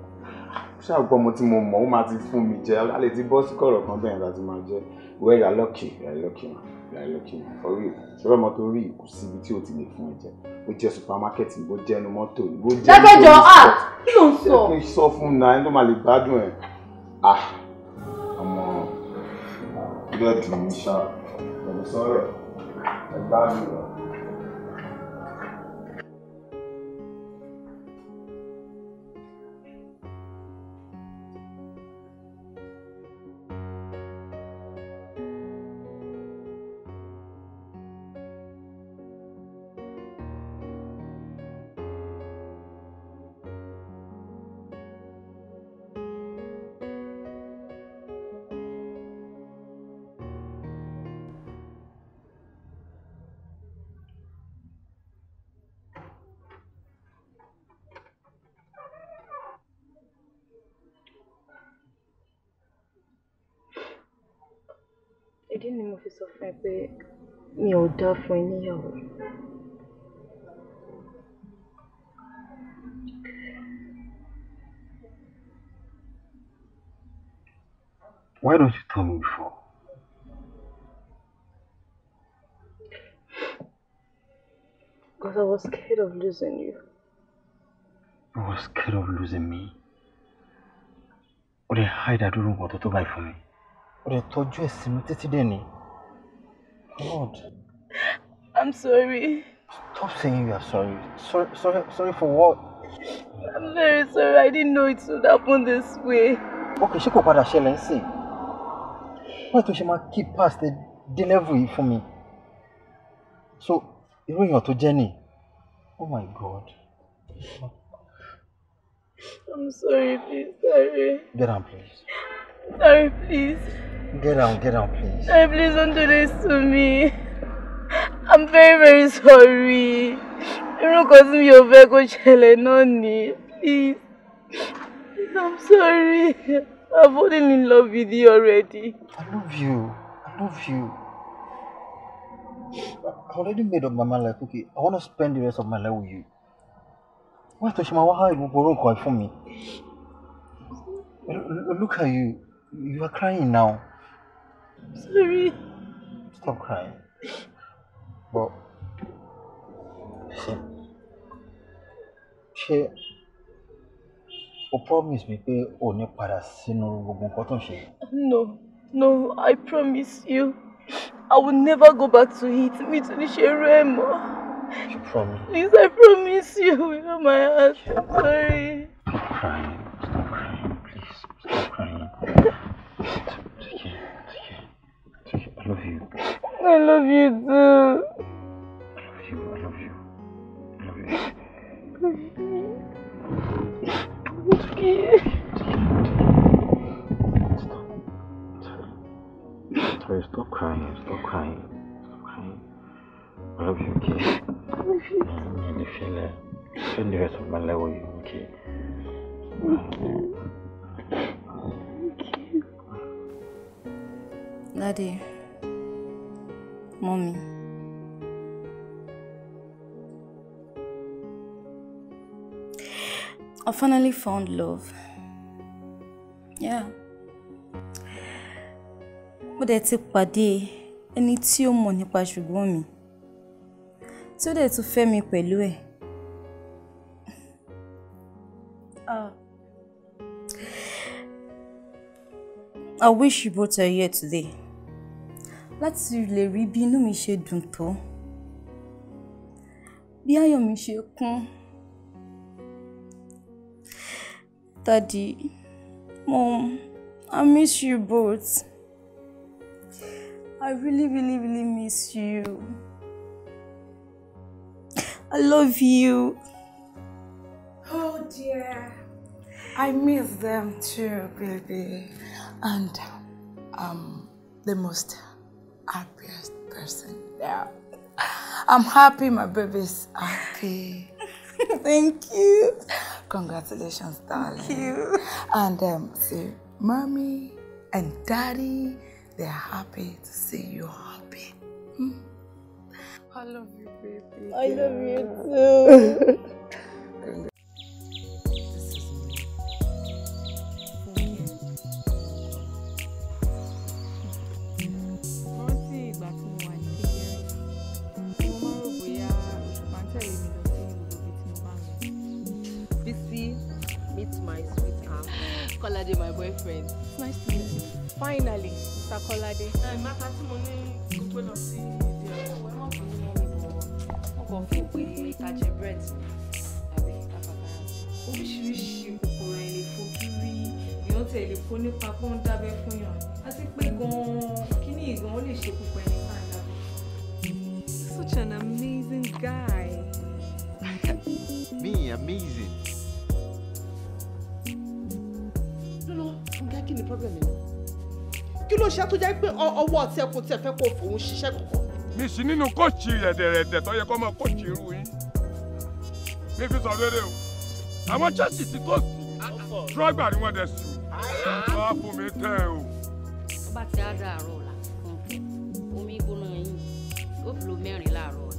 ṣàpọ̀ mo tí mo mọ̀ ó máa ti fún mi jẹ a ti bọ́ sí kọ̀rọ̀ kan bẹ́ẹ̀ láti máa jẹ wẹ́ẹ́ yà lọ́kì yà lọ́kì yà lọ́kì ọ̀rí ìkù ṣọlá ọmọ tó rí ìkù síbi tí o ti lè fún ẹ jẹ bó jẹ supamakẹ́tì bó jẹ ẹnu mọ́tò bó jẹ ẹnu mọ́tò ah kí ló ń sọ. ẹ kí n sọ fún un náà ẹni máa lè gbádùn ẹ ah ọmọ bẹ́ẹ̀ dùn mí ṣá ẹ̀mí sọ́rọ̀ ẹ̀gbá mi rọ Didn't mo fi sọ fún ẹ pé mi ò dá fún ẹ Why don't you tell me before? Because I was scared of losing you. You were scared of losing me? Or they hide that room or to buy for me? o lè tọ́jú ẹ̀ sí mi títí dé ni. Lord. I'm sorry. Stop saying you are sorry. Sorry, sorry, sorry for what? I'm very sorry. I didn't know it would happen this way. Okay, ṣé kò padà ṣẹlẹ̀ ń sè. Wọ́n ètò ṣe máa keep past the delivery level yìí fún mi. So, irú èèyàn tó jẹ́ nì. Oh my God. I'm sorry, please, sorry. Get down, please. Sorry, please. Get down, get down, please. Hey, please don't do this to me. I'm very, very sorry. Irun kan tí mi ò fẹ́ kó ṣẹlẹ̀ náà ni. Please. I'm sorry. I've fallen in love with you already. I love you. I love you. I've already made up my mind like, okay, I want to spend the rest of my life with you. Why to Shima Waha Ibuboron cry for me? Look at you. You are crying now. Sorry. Stop crying. But she, she, o promise mi pé o ní padà sínú gbogbo nǹkan tó ń No, no, I promise you, I will never go back to eat meat in ní ṣe You promise. Please, I promise you with all my heart. sorry. I love you. I love you too. I love you. I love you. I love you. Ski. Stop. Stop. Stop. Stop crying. Stop crying. Stop crying. I love you, okay? I love you. Uh, you feel, the rest of my life with you, okay? Okay. Nadie. mọ́ I finally found love. Yeah. Mo dẹ̀ ti pàdé ẹni tí ó mọ̀ nípa ṣùgbọ́n mi. Tí ó dẹ̀ tún fẹ́ mi pẹ̀lú ẹ̀. Ah. I wish you brought her here today láti lè rí bí inú mi ṣe dùn tó bí ayọ̀ mi ṣe kún. Daddy, Mom, I miss you both. I really, really, really miss you. I love you. Oh dear. I miss them too, baby. And um, the most happiest person now. I'm happy my baby's happy. Thank you. Congratulations, darling. Thank you. And um, see, mommy and daddy, they're happy to see you happy. Hmm? I love you, baby. I yeah. love you too. iṣẹ́ tó jẹ́ pé ọwọ́ tẹ kò tẹ fẹ́ kó fòun ṣiṣẹ́ kankan. mi sì nínú kóòtù rẹ̀dẹ̀rẹ̀dẹ̀ tó yẹ kó máa kóòtù irú yín mi fi sọ lóore o àwọn chelsea ti tó sí drogba ni wọ́n dẹ̀ sùn o á fún mi tẹ́ o. tó bá ti á dàárọ̀ ọ̀la omi gbóná yín ó fi lo mẹ́rin láàárọ̀